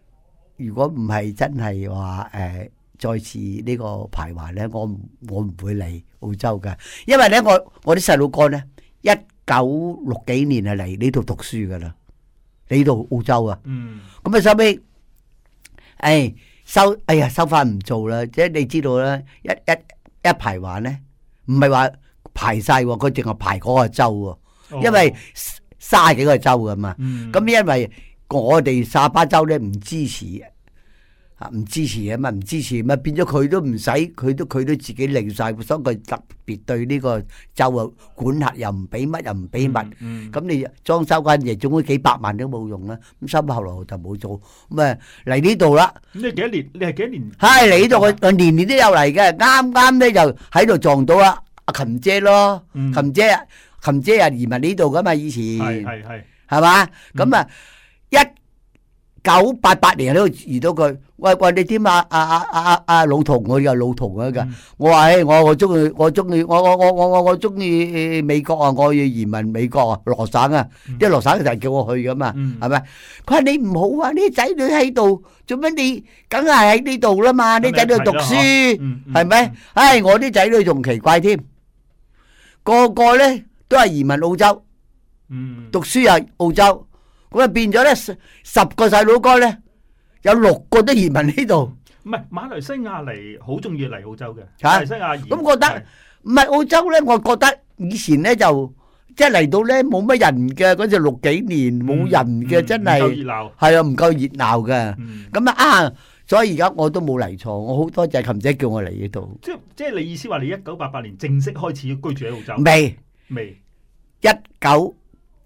如果唔係真係話誒，再次呢個排華咧，我我唔會嚟澳洲嘅，因為咧，我我啲細路哥咧，一九六幾年啊嚟呢度讀書噶啦，嚟到澳洲啊。嗯。咁啊，收尾，唉。收，哎呀，收翻唔做啦，即係你知道啦，一一一排玩咧，唔係話排晒，佢淨係排嗰個州，啊，oh. 因為卅幾個州噶嘛，咁，mm. 因為我哋沙巴州咧唔支持。唔支持啊嘛，唔支持咪變咗佢都唔使，佢都佢都自己零曬，所以佢特別對呢個就啊管轄又唔俾乜又唔俾物，咁你裝修間嘢總會幾百萬都冇用啦。咁收尾後來就冇做，咁啊嚟呢度啦。咁你幾多年？你係幾多年？係嚟呢度，我我年年都有嚟嘅，啱啱咧就喺度撞到啊阿琴姐咯，琴姐琴姐啊移民呢度噶嘛，以前係係係，係嘛？咁啊一九八八年都遇到佢，喂喂你點啊？啊啊啊啊啊老同我又老同噶。我話我、哎、我中意我中意我我我我我中意美國啊！我要移民美國啊，羅省啊，啲羅省就叫我去噶嘛，係咪、嗯？佢話你唔好啊，你仔女喺度，做乜你梗係喺呢度啦嘛？啲仔女讀書係咪？唉、嗯嗯嗯、哎，我啲仔女仲奇怪添，個個咧都係移民澳洲，讀書又、啊、澳洲。咁啊變咗咧，十十個細佬哥咧，有六個都移民呢度。唔係馬來西亞嚟，好中意嚟澳洲嘅。馬來西亞咁覺得唔係澳洲咧，我覺得以前咧就即係嚟到咧冇乜人嘅。嗰陣六幾年冇人嘅，真係熱鬧，係啊，唔夠熱鬧嘅。咁啊啊，所以而家我都冇嚟錯。我好多就係琴姐叫我嚟呢度。即即係你意思話你一九八八年正式開始居住喺澳洲未？未一九。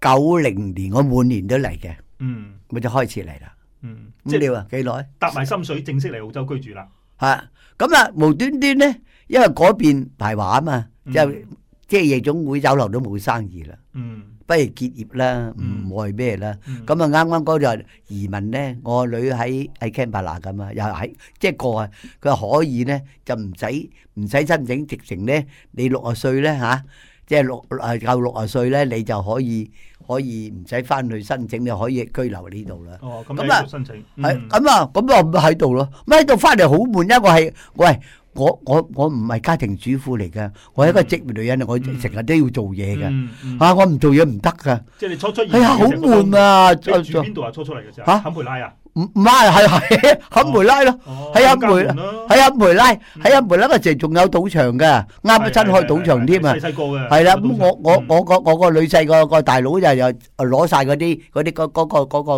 九零年我每年都嚟嘅，嗯，我就開始嚟啦，嗯，即係你話幾耐搭埋心水的正式嚟澳洲居住啦，吓，咁啊無端端咧，因為嗰邊排華啊嘛，嗯、就即、是、係、就是、夜總會酒樓都冇生意啦，嗯，不如結業啦，唔、嗯、愛咩啦，咁啊啱啱嗰日移民咧，我女喺喺堪培拉噶嘛，又喺即係、就是、去。佢可以咧就唔使唔使申請直程咧，你六十歲咧吓。啊啊啊啊啊啊即係六誒夠六啊歲咧，你就可以可以唔使翻去申請，你可以居留呢度啦。哦，咁啊申請係咁啊，咁我咪喺度咯。咪喺度翻嚟好悶啊！我係，喂，我我我唔係家庭主婦嚟噶，我係一個職業女人，我成日都要做嘢噶。嗯嗯，啊，我唔做嘢唔得噶。即係你初初，哎呀，好悶啊！住邊度啊？初初嚟嘅時候。吓，坎培拉啊！唔唔係，係係坎梅拉咯，係坎梅，係坎梅拉，係坎梅拉嗰時仲有賭場嘅，啱啱拆開賭場添啊，係啦。咁我我我個我個女婿個個大佬又又攞曬嗰啲嗰啲嗰嗰個嗰個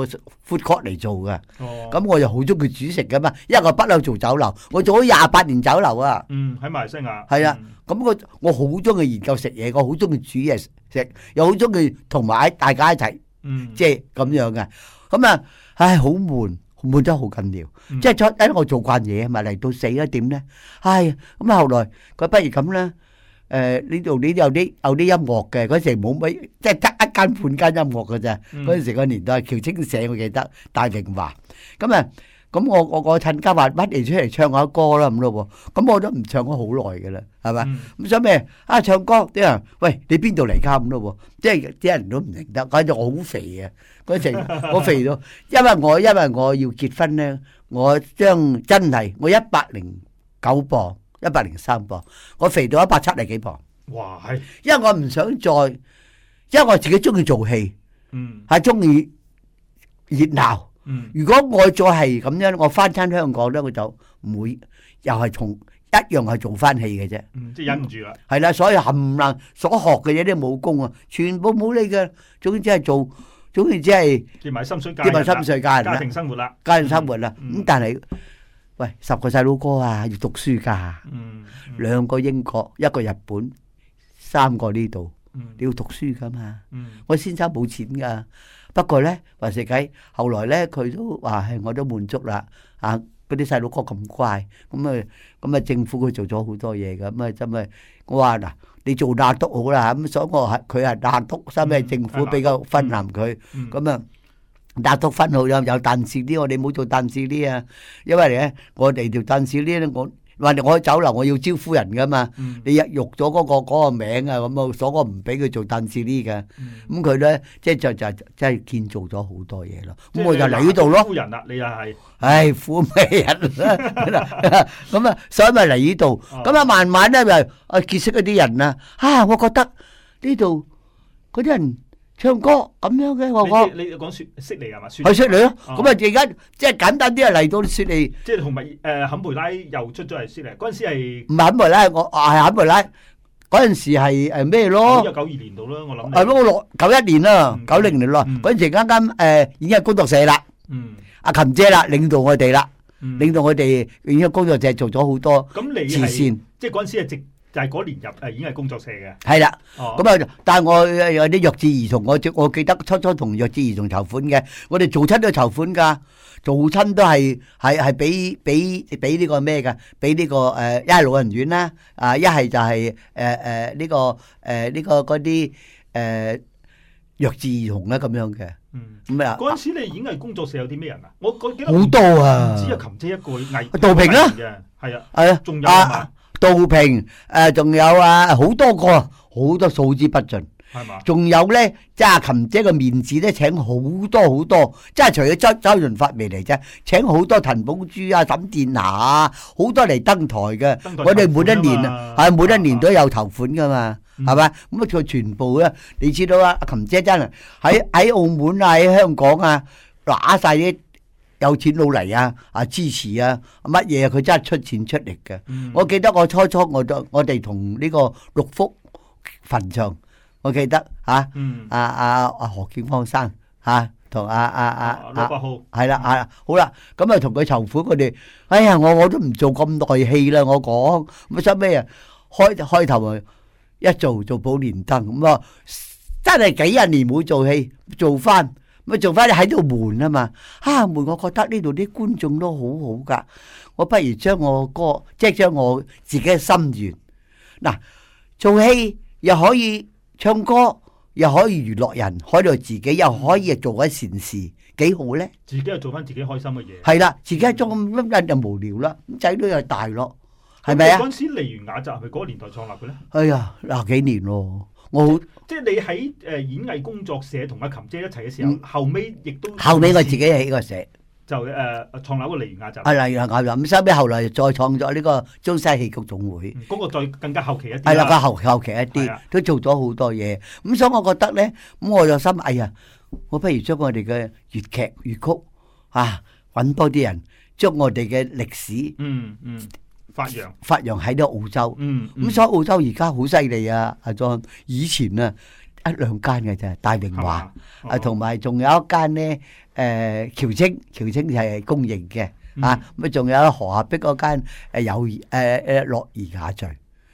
food court 嚟做嘅。咁我又好中意煮食噶嘛，因為我不嬲做酒樓，我做咗廿八年酒樓啊。嗯，喺馬來西亞。係啊，咁我我好中意研究食嘢，我好中意煮嘢食，又好中意同埋喺大家一齊，即係咁樣嘅。咁啊～唉，好悶，悶得好緊要，嗯、即係因為我做慣嘢，咪嚟到死一點咧？唉，咁、嗯、後來佢不如咁啦，誒呢度啲有啲有啲音樂嘅，嗰時冇乜，即係得一間半間音樂㗎咋，嗰陣、嗯、時個年代，喬清社我記得，戴明華咁啊。咁我我我趁家話，不如出嚟唱下歌啦，咁咯喎，咁我都唔唱咗好耐嘅啦，係咪？咁想咩？啊，唱歌啲人，喂，你邊度嚟㗎咁咯喎？即係啲人都唔認得，反正我好肥啊，我肥，我肥到，因為我因為我要結婚咧，我將真係我一百零九磅，一百零三磅，我肥到一百七十幾磅。哇，係，因為我唔想再，因為我自己中意做戲，嗯，係中意熱鬧。嗯，如果我再係咁樣，我翻親香港咧，我就唔會又係從一樣係做翻戲嘅啫。嗯，即係忍唔住啦。係啦，所以冚唪唥所學嘅嘢啲武功啊，全部冇理嘅。總之係做，總之係。跌埋心水，跌埋心水，家庭生活啦，家庭生活啦。咁但係，喂，十個細佬哥啊，要讀書噶。嗯，兩個英國，一個日本，三個呢度，你要讀書噶嘛？嗯，我先生冇錢噶。不過呢，話食雞，後來呢，佢都話係我都滿足啦。啊，嗰啲細佬哥咁乖，咁啊咁啊，政府佢做咗好多嘢，咁啊真係我話嗱，你做打督好啦，咁所以我係佢係打督，因為政府比較困難佢，咁啊打督分好有有鄧氏啲，我哋冇做鄧氏啲啊，因為呢，我哋條鄧氏啲我。話我喺酒樓，我要招夫人噶嘛？你入入咗嗰個嗰個名啊，咁啊，所講唔俾佢做鄧氏啲嘅。咁佢咧，即係就就即係建造咗好多嘢咯。咁我就嚟呢度咯。夫人啦，你又係唉，富美人啦。咁啊，所以咪嚟呢度。咁啊，慢慢咧咪啊，結識嗰啲人啊。啊，我覺得呢度嗰啲人。唱歌咁樣嘅，我我，你你講雪悉尼係嘛？佢出嚟咯，咁啊，而家即係簡單啲啊嚟到雪梨，即係同埋誒坎培拉又出咗嚟雪梨，嗰陣時係唔係坎培拉？我係坎培拉，嗰陣時係誒咩咯？九二年度咯，我諗係咯，我六九一年啦，九零年咯，嗰陣時啱啱誒已經係工作室啦，阿琴姐啦，領導我哋啦，領導我哋，然之後工作室做咗好多慈善，即係嗰陣時係直。就係嗰年入誒，演藝工作室嘅係啦。咁啊，但係我有啲弱智兒童，我我記得初初同弱智兒童籌款嘅，我哋做親都籌款噶，做親都係係係俾俾俾呢個咩噶？俾呢個誒一係老人院啦，啊一係就係誒誒呢個誒呢個嗰啲誒弱智兒童啦咁樣嘅。嗯，咁啊，嗰陣時你演藝工作室有啲咩人啊？我嗰幾好多啊，只有琴姐一個藝杜平啦，係啊，係啊，仲有啊。杜平，誒仲、呃、有啊，好多個，好多數之不盡。係嘛吧？仲有呢，即係阿琴姐嘅面子呢，請好多好多，即係除咗周周潤發未嚟啫，請好多陳寶珠啊、沈殿霞啊，好多嚟登台嘅。登頓 我哋每一年啊，係每一年都有籌款噶嘛，係咪、嗯？咁啊，全部啊，你知道啊，阿琴姐真係喺喺澳門啊，喺香港啊，拿晒啲。有錢佬嚟啊，啊支持啊，乜嘢，佢真係出錢出力嘅。嗯、我記得我初初我我哋同呢個六福墳場，我記得吓、啊，阿阿阿何建康生吓、啊，同阿阿阿六百係啦，係啦、啊啊，好啦，咁啊同佢籌款，佢哋哎呀，我我都唔做咁耐戲啦，我講咁啊，收尾啊，開開頭啊，一做做寶蓮燈咁啊，真係幾廿年冇做戲，做翻。咪做翻啲喺度悶啊嘛，吓、啊、悶！我覺得呢度啲觀眾都好好噶，我不如將我嘅歌，即係將我自己嘅心願。嗱，做戲又可以唱歌，又可以娛樂人，開在自己又可以做緊善事，幾好咧！自己又做翻自己開心嘅嘢。係啦，自己做咁一陣就無聊啦，仔都又大咯，係咪啊？嗰陣時梨園雅集，佢嗰個年代創立嘅咧。哎呀，廿幾年咯。我即係你喺誒演藝工作社同阿琴姐一齊嘅時候，嗯、後尾亦都後尾我自己喺呢、呃、個社就誒創立個梨園雅集。啊梨園雅咁，收尾後來再創作呢個中西戲曲總會。嗰、嗯那個再更加後期一啲。係啦，個後後期一啲，的都做咗好多嘢。咁所以我覺得咧，咁我就心哎呀，我不如將我哋嘅粵劇粵曲啊，搵多啲人將我哋嘅歷史。嗯嗯。嗯發揚發揚喺啲澳洲，咁所以澳洲而家好犀利啊！阿莊以前啊，一兩間嘅啫，大榮華啊，同埋仲有一間咧，誒，僑青，僑青就係公營嘅啊，咁啊，仲有河下邊嗰間誒友誒誒梨園雅集，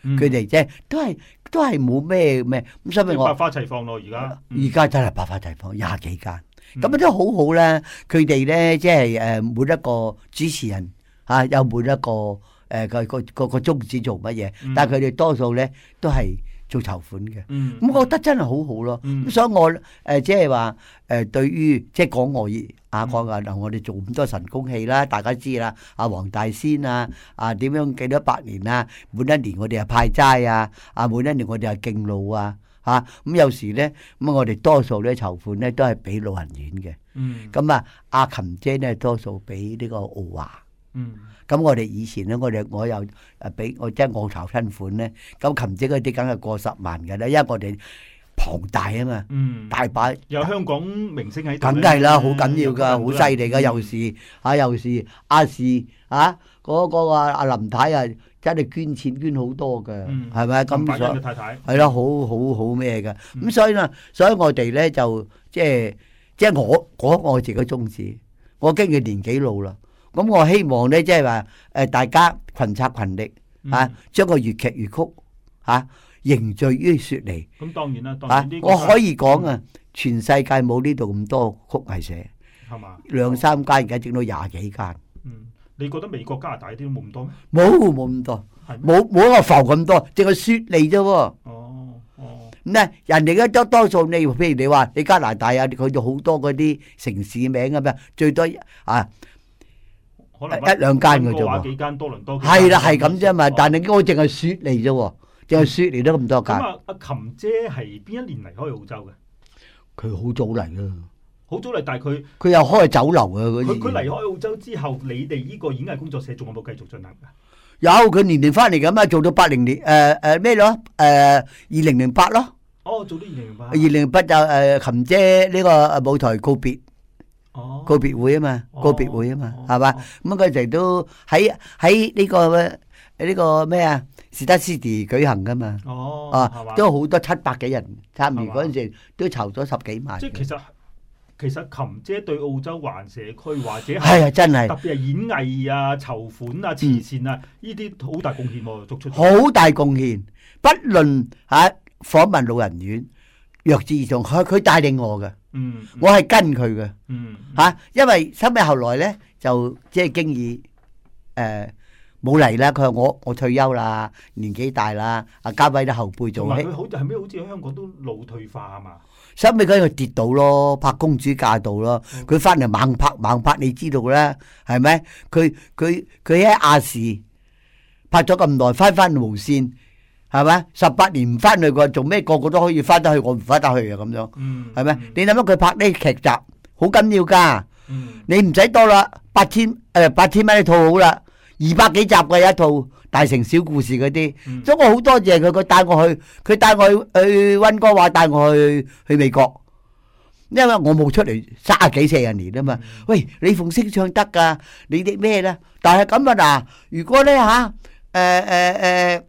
佢哋啫，都係都係冇咩咩，咁所以我百花齊放咯，而家而家真係百花齊放，廿幾間，咁都好好啦。佢哋咧即係誒，每一個主持人啊，有每一個。誒，佢、呃、個個個，個個宗旨做乜嘢？Mm, 但係佢哋多數咧都係做籌款嘅。咁、mm, mm, 我覺得真係好好咯。咁、mm. 所以我誒，即係話誒，對於即係港澳啊，講、mm. 啊，嗱，我哋做咁多神功戲啦，大家知啦。阿、啊、黃大仙啊，啊點樣幾多百年啊？每一年我哋係派齋啊，啊每一年我哋係敬老啊，吓咁有時咧咁我哋多數咧籌款咧都係俾老人院嘅。咁、mm. 啊，阿琴姐咧多數俾呢個澳華。嗯、mm.Mm. 咁我哋以前咧，我哋我又誒俾我即係我投新款咧。咁琴姐嗰啲梗係過十萬嘅啦，因為我哋龐大啊嘛，大把有香港明星喺。梗係啦，好緊要噶，好犀利噶，嗯、又是嚇，又是阿是嚇，嗰個啊阿、啊啊、林太啊，真係捐錢捐好多嘅，係咪？咁、嗯嗯、所以係咯，好好好咩嘅？咁所以咧，所以我哋咧就即係即係我我我、那個、自己宗旨，我經佢年紀老啦。咁我希望咧，即係話誒，大家群策群力啊，將個粵劇粵曲啊凝聚於雪梨。咁當然啦，當然啦，啊，我可以講啊，全世界冇呢度咁多曲藝社，係嘛，兩三間而家整到廿幾間。嗯，你覺得美國、加拿大啲冇咁多咩？冇冇咁多，冇冇一個浮咁多，淨係雪梨啫。哦哦，咁啊，人哋嘅多多數你要，譬如你話你加拿大啊，佢哋好多嗰啲城市名咁啊，最多啊。可能一兩間嘅啫喎，係啦，係咁啫嘛。哦、但係你我淨係雪嚟啫喎，淨係雪嚟得咁多間。阿、嗯、琴姐係邊一年離開澳洲嘅？佢好早嚟啊！好早嚟，但係佢佢又開酒樓啊！佢佢離開澳洲之後，你哋呢個演藝工作室仲有冇繼續進行啊？嗯、有，佢年年翻嚟㗎嘛，做到八零年誒誒咩咯？誒二零零八咯。哦，做到二零零八。二零零八就誒、呃、琴姐呢個舞台告別。告別會啊嘛，告別會啊嘛，係嘛？咁嗰陣時都喺喺呢個喺呢個咩啊？史吧德斯迪舉行噶嘛？哦，係都好多七百幾人，參與嗰陣時都籌咗十幾萬。即、就、係、是、其實其實琴姐對澳洲環社區，或者係啊真係特別係演藝啊籌款啊慈善啊呢啲，好大貢獻作、啊嗯、出。好大貢獻，不論啊訪問老人院。弱智而上，佢佢帶領我嘅，嗯嗯、我係跟佢嘅，吓、嗯嗯啊，因為收尾後來咧就即係經已誒冇嚟啦。佢、呃、話我我退休啦，年紀大啦，阿嘉威都後輩做。唔佢好係咩？好似喺香港都老退化啊嘛。收尾嗰個跌倒咯，拍公主嫁到咯，佢翻嚟猛拍猛拍，猛拍你知道啦，係咪？佢佢佢喺亞視拍咗咁耐，翻翻無線。係咪？十八年唔翻去個做咩？個個都可以翻得去，我唔翻得去啊！咁樣，係咪、嗯？吧你諗下佢拍啲劇集好緊要噶。嗯、你唔使多啦，八千誒八千蚊一套好啦，二百幾集嘅一套《大城小故事》嗰啲、嗯。所以我好多謝佢，佢帶我去，佢帶我去去溫哥華，帶我去去美國。因為我冇出嚟三十幾四十年啊嘛。嗯、喂，你鳳聲唱得噶、啊，你啲咩咧？但係咁啊嗱，如果咧吓誒誒誒。啊啊啊啊啊啊啊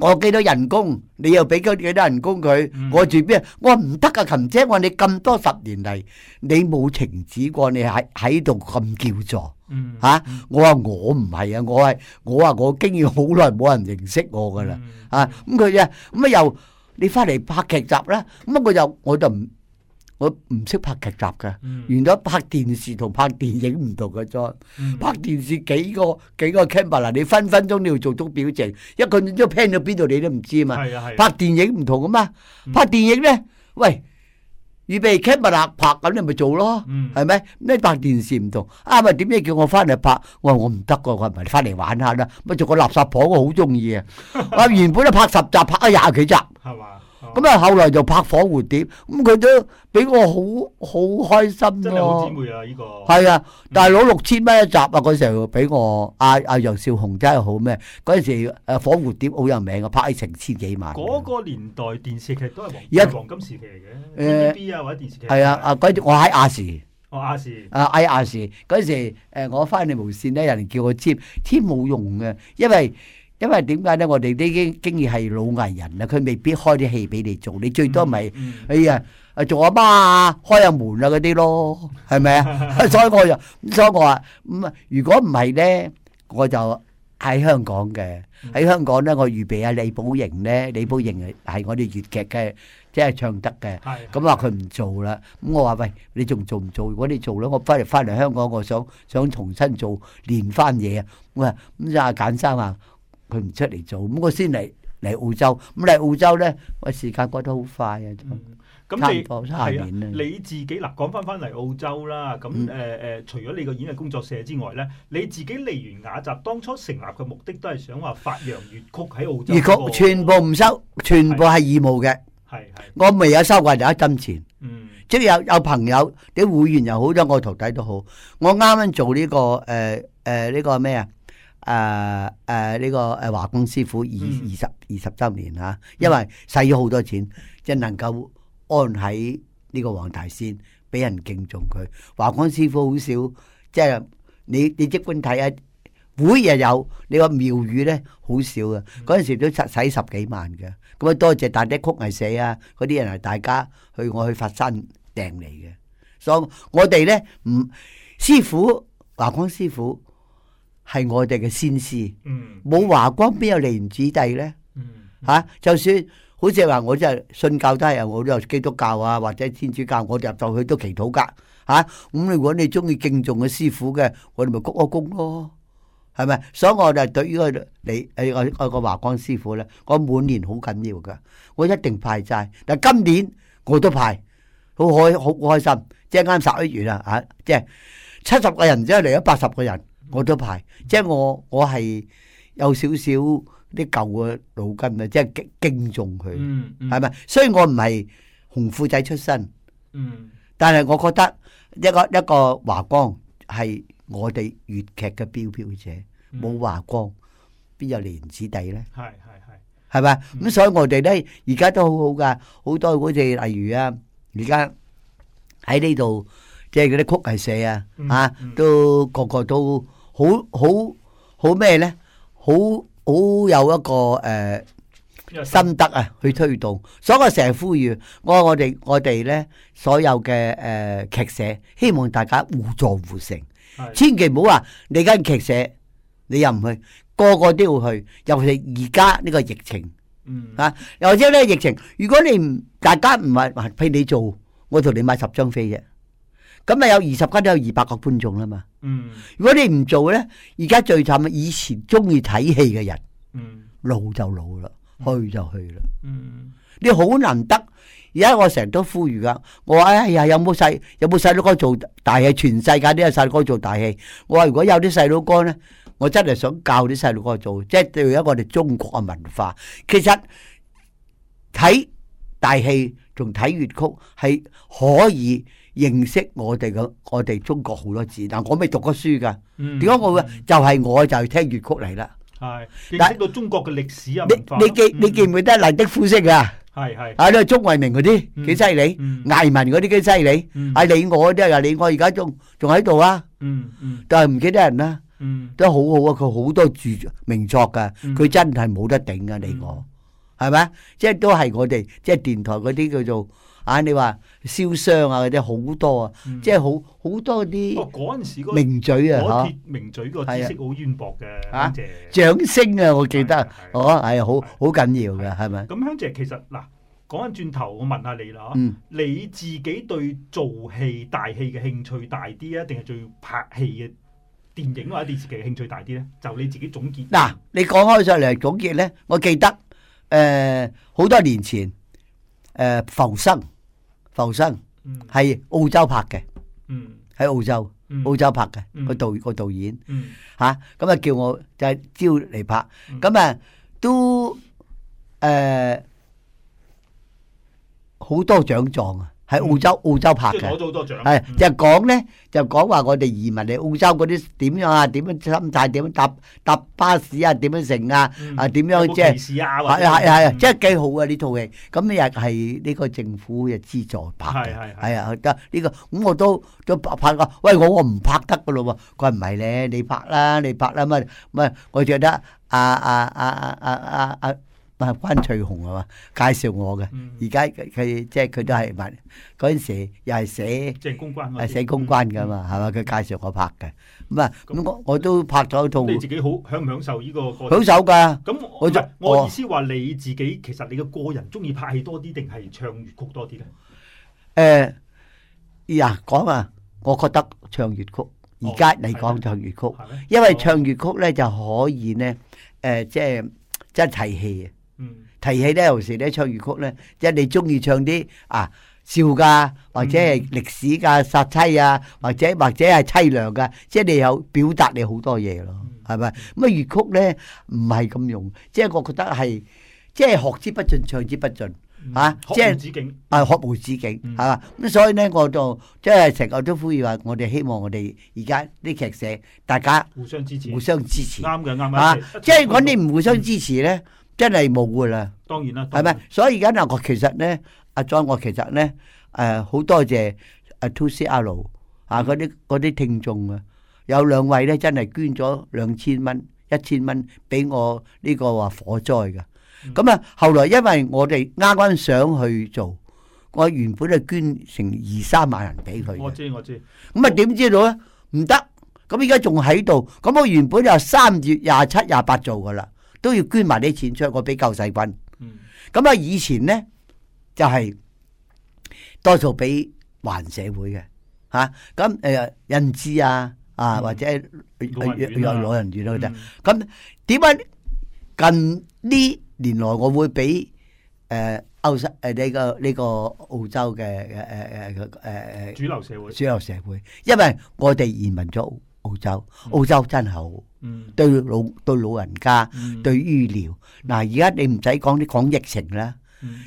我幾多人工，你又俾咗幾多人工佢？我住邊？我話唔得啊，琴姐，我話你咁多十年嚟，你冇停止過你，你喺喺度咁叫做，吓？我話我唔係啊，我係我話、啊、我，我經驗好耐冇人認識我噶啦，啊咁佢、嗯嗯嗯嗯、啊咁啊、嗯嗯、又你翻嚟拍劇集啦，咁啊佢又我就唔。我唔識拍劇集嘅，原來拍電視同拍電影唔同嘅。再拍電視幾個幾個 camera 你分分鐘你要做足表情，一個你都 pan 到邊度你都唔知啊嘛拍。拍電影唔同啊嘛，拍電影咧，喂，預備 camera 拍咁你咪做咯，係咪、嗯？呢拍電視唔同啊，咪點解叫我翻嚟拍？我話我唔得噶，我咪翻嚟玩下啦。咪做個垃圾婆，我好中意啊。我原本都拍十集，拍咗廿幾集，係嘛？ 咁啊，後來就拍《火蝴蝶》，咁佢都俾我好好開心喎。真係好姊妹啊！呢個係啊，但係攞六千蚊一集啊！嗰時候俾我阿阿楊少紅真係好咩？嗰陣時《火蝴蝶》好有名啊，拍成千幾萬。嗰個年代電視劇都係黃金時期嚟嘅。B B 啊，或者電視劇係啊啊！嗰陣我喺亞視，我亞視啊，喺亞視嗰陣時誒，我翻嚟無線呢，人哋叫我接，接冇用嘅，因為。因為點解咧？我哋啲經經驗係老藝人啦，佢未必開啲戲俾你做，你最多咪哎呀，做阿媽啊，開下門啊嗰啲咯，係咪啊？所以我就，所以我話，如果唔係咧，我就喺香港嘅。喺香港咧，我預備阿李寶瑩咧，李寶瑩係我哋粵劇嘅，即係唱得嘅。咁話佢唔做啦，咁我話喂，你仲做唔做？如果你做啦，我翻嚟翻嚟香港，我想想重新做，練翻嘢。喂，咁阿簡生啊？佢唔出嚟做，咁我先嚟嚟澳洲，咁嚟澳洲咧，我時間過得好快啊！咁差唔多三十年啦。你自己嗱，講翻翻嚟澳洲啦，咁誒誒，除咗你個演藝工作室之外咧，你自己嚟完雅集，當初成立嘅目的都係想話發揚粵曲喺澳洲。粵曲全部唔收，全部係義務嘅。係係，我未有收過人家金錢。嗯，即係有有朋友啲會員又好，咗我徒弟都好，我啱啱做呢個誒誒呢個係咩啊？誒誒，呢、啊啊這個誒華光師傅二、mm hmm. 二十二十周年吓、啊，因為使咗好多錢，即係、mm hmm. 能夠安喺呢個黃大仙，俾人敬重佢。華光師傅好少，即係你你即管睇啊，會又有，你個廟宇呢，好少噶、啊，嗰陣、mm hmm. 時都使十幾萬噶。咁啊，多謝大啲曲藝社啊，嗰啲人係大家去我去佛山訂嚟嘅，所以我哋呢，唔師傅華光師傅。係我哋嘅先師，冇、嗯、華光邊有梨園子弟咧？吓、嗯嗯啊，就算好似話我真係信教都係，我都有基督教啊，或者天主教，我入到去都祈禱噶吓。咁、啊、如果你中意敬重嘅師傅嘅，我哋咪鞠個躬咯，係咪？所以我就對於佢你誒，我我個華光師傅咧，我每年好緊要噶，我一定派債。但係今年我都派，好開好開心，即係啱十一月啦吓，即係七十個人之後嚟咗八十個人。我都排，即係我我係有少少啲舊嘅腦筋，啊，即係敬敬重佢，係咪、嗯？雖、嗯、然我唔係紅褲仔出身，嗯，但係我覺得一個一個華光係我哋粵劇嘅標標者，冇華、嗯、光邊有蓮子弟咧？係係係，係咪？咁吧、嗯、所以我哋咧而家都好好噶，好多好似例如啊，而家喺呢度即係嗰啲曲藝社啊，啊，都個，個個都。好好好咩呢？好好有一個誒、呃、心得啊，去推動。所以我成日呼籲，我我哋我哋呢所有嘅誒、呃、劇社，希望大家互助互成，是的 千祈唔好話你間劇社你又唔去，個個都要去。尤其是而家呢個疫情，嗯、啊又或者呢個疫情，如果你唔大家唔係，譬如你做，我同你買十張飛啫。咁咪有二十間都有二百個觀眾啦嘛。嗯，如果你唔做咧，而家最慘啊！以前中意睇戲嘅人，嗯、老就老啦，嗯、去就去啦。嗯，你好難得，而家我成日都呼籲噶，我話哎呀，有冇細有冇細佬哥做大戲？全世界都有細佬哥做大戲。我話如果有啲細佬哥咧，我真係想教啲細佬哥做，即係對於一個我哋中國嘅文化，其實睇大戲仲睇粵曲係可以。認識我哋嘅我哋中國好多字，但係我未讀過書噶。點解我會？就係我就係聽粵曲嚟啦。係，但係呢個中國嘅歷史啊，你記你記唔記得林的夫聲啊？係係，啊，都係鍾慧明嗰啲幾犀利，魏文嗰啲幾犀利，啊，你我都係啊，你我而家仲仲喺度啊。嗯嗯，但係唔記得人啦。嗯，都好好啊，佢好多著名作噶，佢真係冇得頂噶。你我，係咪？即係都係我哋，即係電台嗰啲叫做。啊！你話燒傷啊，嗰啲好多啊，即係好好多啲名嘴啊，嗬！名嘴個知識好淵博嘅。啊，掌聲啊，我記得，哦，係好好緊要嘅，係咪？咁香姐，其實嗱，講翻轉頭，我問下你啦，嗬，你自己對做戲大戲嘅興趣大啲啊，定係對拍戲嘅電影或者電視劇嘅興趣大啲咧？就你自己總結。嗱，你講開上嚟總結咧，我記得誒，好多年前誒，浮生。浮生係澳洲拍嘅，喺、嗯、澳洲澳洲拍嘅個導個導演吓，咁、嗯、啊就叫我就係招嚟拍，咁啊都誒好多獎狀啊！喺澳洲澳洲拍嘅，攞到多獎。係就講咧，就講、是、話、嗯、我哋移民嚟澳洲嗰啲點樣啊，點樣心態，點樣搭搭巴士啊，點樣乘啊，啊點樣即係，係係係，即係幾好啊呢套戲。咁又係呢個政府嘅資助拍嘅，係啊，得呢個，咁我都都拍拍個。喂，我我唔拍得噶咯喎。佢唔係咧，你拍啦，你拍啦，咪咪我只得阿阿阿阿阿阿。啊啊啊啊啊啊啊啊係關翠紅係嘛介紹我嘅，而家佢即係佢都係咪嗰陣時又係寫即係公關，係寫公關噶嘛，係嘛佢介紹我拍嘅。唔係咁我我都拍咗一套。你自己好享唔享受呢個享受噶？咁唔就我意思話你自己其實你嘅個人中意拍戲多啲定係唱粵曲多啲咧？誒呀講啊，我覺得唱粵曲而家你講唱粵曲，因為唱粵曲咧就可以咧誒，即係即係提氣。提起呢，有時咧唱粵曲咧，即係你中意唱啲啊笑噶，或者係歷史噶殺妻啊，或者或者係凄涼噶，即係你有表達你好多嘢咯，係咪？咁啊粵曲咧唔係咁用，即係我覺得係即係學之不盡，唱之不盡嚇、啊嗯，學無止境，係、啊、學無止境，係嘛、嗯？咁所以呢，我就即係成日都呼籲話，我哋希望我哋而家啲劇社大家互相支持，互相支持，啱嘅啱嘅，即係講你唔互相支持咧。嗯。真係冇噶啦，當然啦，係咪？所以而家嗱，我其實呢，阿莊我其實呢，誒好多謝阿 2CR 啊嗰啲嗰啲聽眾啊，有兩位呢，真係捐咗兩千蚊、一千蚊俾我呢個話火災嘅。咁啊、嗯，後來因為我哋啱啱想去做，我原本係捐成二三萬人俾佢。我知我知。咁啊，點知道呢？唔得我。咁而家仲喺度。咁我原本就三月廿七廿八做噶啦。都要捐埋啲錢出，我俾救世軍。咁啊，以前咧就係多數俾還社會嘅，吓咁誒，人資啊，啊或者又老人院都得。咁點解近呢年來我會俾誒歐誒呢個呢個澳洲嘅誒誒誒誒主流社會，主流社會，因為我哋移民咗。澳洲澳洲真係好，嗯、對老對老人家，嗯、對醫療。嗱，而家你唔使講啲講疫情啦，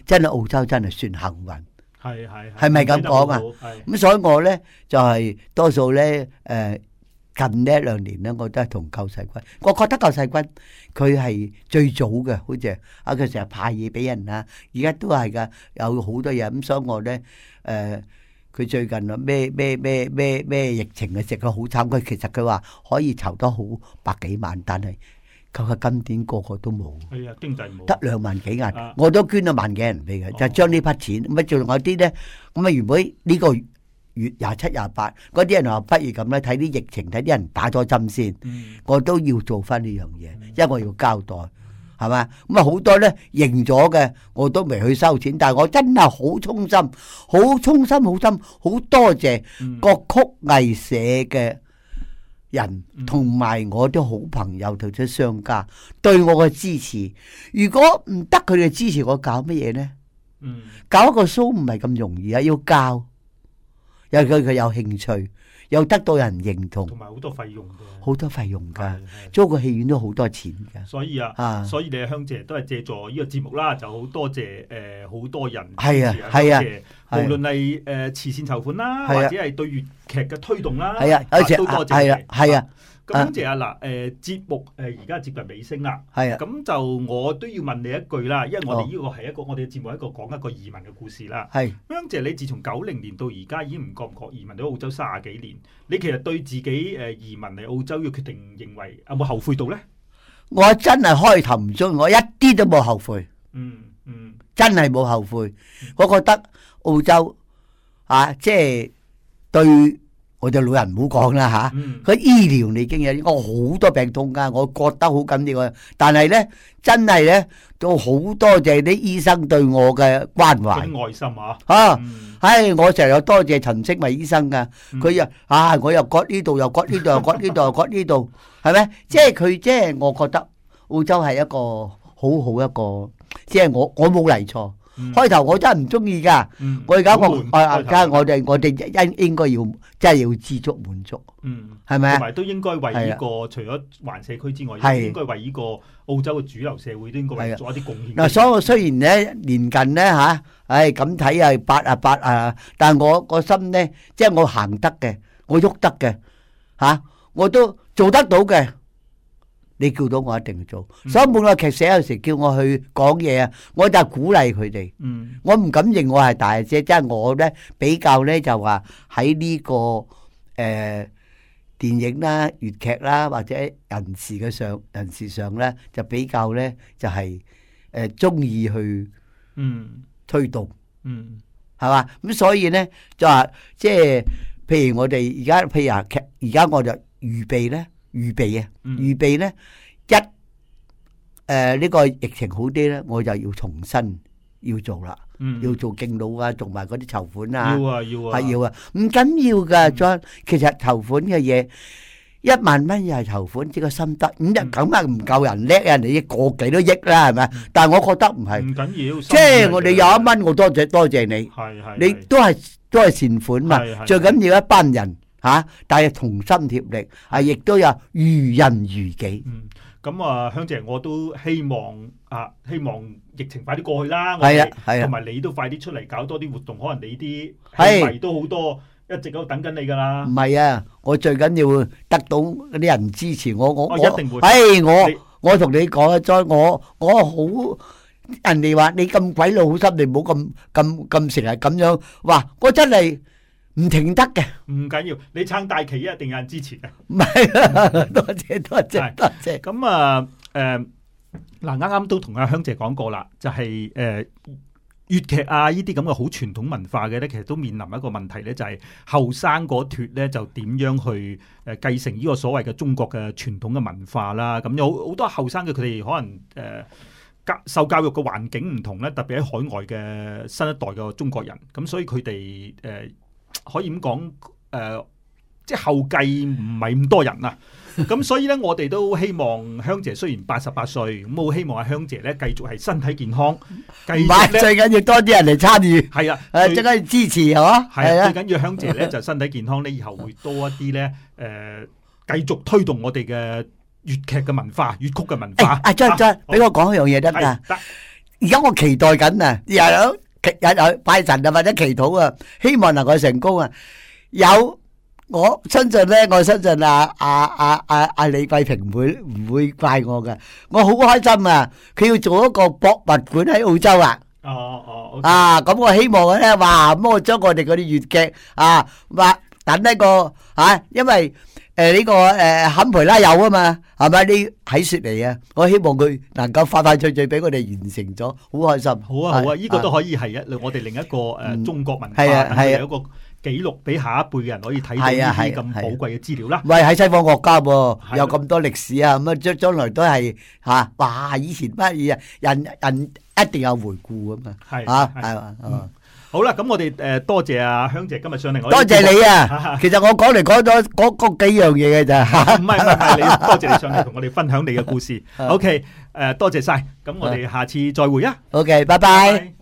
真係澳洲真係算幸運。係係係咪咁講啊？咁、嗯嗯、所以我咧就係、是、多數咧誒近呢一兩年咧，我都係同救世軍。我覺得救世軍佢係最早嘅，好似啊佢成日派嘢俾人啊。而家都係噶，有好多嘢。咁、嗯、所以我咧誒。呃佢最近啊咩咩咩咩咩疫情嘅時候，佢好慘。佢其實佢話可以籌得好百幾萬，但係今個今年個個都冇。係啊，經濟冇得兩萬幾銀，我都捐咗萬幾銀俾佢，就將呢筆錢。咁啊仲有啲咧，咁啊原本呢個月廿七廿八，嗰啲人話不如咁啦，睇啲疫情，睇啲人打咗針先。我都要做翻呢樣嘢，因為我要交代。係嘛？咁啊好多呢，認咗嘅，我都未去收錢。但係我真係好衷心，好衷心，好心，好多謝各曲藝社嘅人，同埋、嗯、我啲好朋友同啲商家對我嘅支持。如果唔得佢哋支持，我搞乜嘢呢？嗯、搞一個 show 唔係咁容易啊，要教又佢佢有興趣。又得到人認同，同埋好多費用，好多費用噶，租個戲院都好多錢噶。所以啊，所以你阿香姐都係借助呢個節目啦，就好多謝誒好多人支持啊，無論係誒慈善籌款啦，或者係對粵劇嘅推動啦，係啊，多謝，係啊，係啊。咁多謝啊嗱，誒節目誒而家接近尾聲啦，係啊，咁就我都要問你一句啦，因為我哋呢個係一個我哋嘅節目，一個講一個移民嘅故事啦，係。咁多謝你，自從九零年到而家已經唔覺唔覺移民咗澳洲三十幾年，你其實對自己誒移民嚟澳洲要決定認為有冇後悔到咧？我真係開頭唔中，我一啲都冇後悔，嗯嗯，真係冇後悔。我覺得澳洲啊，即係對。我哋老人唔好講啦吓，佢、啊嗯、醫療你經驗，我好多病痛噶、啊，我覺得好緊要。但係咧，真係咧，都好多謝啲醫生對我嘅關懷、愛心啊！啊，唉、嗯哎，我成日又多謝陳星慧醫生噶、啊，佢又、嗯、啊，我又割呢度又割呢度又割呢度 又割呢度，係咪？即係佢，即係我覺得澳洲係一個好好一個，即係我我冇嚟錯。嗯、開頭我真係唔中意噶，我而家我家我哋我哋應應該要真係要知足滿足，係咪、嗯？同埋都應該為呢個除咗環社區之外，應該為呢個澳洲嘅主流社會都應該做一啲貢獻。嗱，所以雖然咧年近咧吓，唉咁睇係八啊八啊，但係我個心咧，即係我行得嘅，我喐得嘅，吓我，啊，我都做得到嘅。你叫到我一定做，mm hmm. 所以本個劇社有時叫我去講嘢啊，我就係鼓勵佢哋。嗯、mm，hmm. 我唔敢認我係大姐，即、就、係、是、我咧比較咧就話喺呢個誒、呃、電影啦、粵劇啦或者人事嘅上人事上咧，就比較咧就係誒中意去嗯推動，嗯係嘛，咁、mm hmm. 所以咧就話即係譬如我哋而家譬如啊劇而家我就預備咧。預備啊！預備咧，一誒呢個疫情好啲咧，我就要重新要做啦，要做敬老啊，同埋嗰啲籌款啊，係要啊，唔緊要噶，再。其實籌款嘅嘢，一萬蚊又係籌款，只個心得咁啊，咁啊唔夠人叻啊，你個幾多億啦係咪？但係我覺得唔係，唔緊要，即係我哋有一蚊，我多謝多謝你，係係，你都係都係善款嘛，最緊要一班人。吓、啊，但係同心協力，啊，亦都有如人如己。嗯，咁、嗯、啊，香姐，我都希望啊，希望疫情快啲過去啦。係啊，係啊，同埋你都快啲出嚟搞多啲活動，可能你啲戲迷都好多，是一直都等緊你噶啦。唔係啊，我最緊要得到啲人支持我，我我我、哦，一定會。係、哎、我，你 我同你講啊，在我我好，人哋話你咁鬼老好心你，你唔好咁咁咁成日咁樣。哇，我真係。唔停得嘅，唔緊要，你撐大旗一、啊、定有人支持啊！唔係， 多謝多謝是多謝。咁啊，誒、呃，嗱，啱啱都同阿香姐講過啦，就係、是、誒、呃、粵劇啊呢啲咁嘅好傳統文化嘅咧，其實都面臨一個問題咧，就係後生嗰脫咧，就點樣去誒繼承呢個所謂嘅中國嘅傳統嘅文化啦？咁有好多後生嘅，佢哋可能誒教、呃、受教育嘅環境唔同咧，特別喺海外嘅新一代嘅中國人，咁所以佢哋誒。呃可以咁講，誒，即係後繼唔係咁多人啊，咁所以咧，我哋都希望香姐雖然八十八歲，咁我希望阿香姐咧繼續係身體健康，繼續最緊要多啲人嚟參與，係啊，最緊要支持係嘛，係啊，最緊要香姐咧就身體健康，咧以後會多一啲咧，誒，繼續推動我哋嘅粵劇嘅文化、粵曲嘅文化。啊，再再俾我講一樣嘢得唔得？而家我期待緊啊，日去拜神啊，或者祈禱啊，希望能夠成功啊。有我相信咧，我相信阿阿阿阿阿李桂平唔會唔會怪我嘅。我好開心啊！佢要做一個博物館喺澳洲啊。哦哦，啊咁我希望咧，哇！咁我將我哋嗰啲粵劇啊，話等一個啊，因為。誒，呢、啊這個誒坎、呃、培拉有啊嘛，係咪？啲睇雪嚟嘅？我希望佢能夠快快脆脆俾我哋完成咗，好開心。好啊，好啊是，呢個都可以係一我哋另一個誒、啊啊、中國文化，係啊，係啊，一個紀錄俾下一輩嘅人可以睇到呢啲咁寶貴嘅資料啦、啊啊啊啊。喂，喺西方國家噃，有咁多歷史啊，咁啊將將來都係吓，話、啊、以前乜嘢人人，人一定有回顧啊嘛，吓係嘛。好啦，咁我哋誒多謝阿香姐今日上嚟，我多謝你啊！其實我講嚟講咗嗰嗰幾樣嘢嘅咋，唔係唔係，你多謝你上嚟同我哋分享你嘅故事。OK，誒多謝晒，咁我哋下次再會啊。OK，拜拜。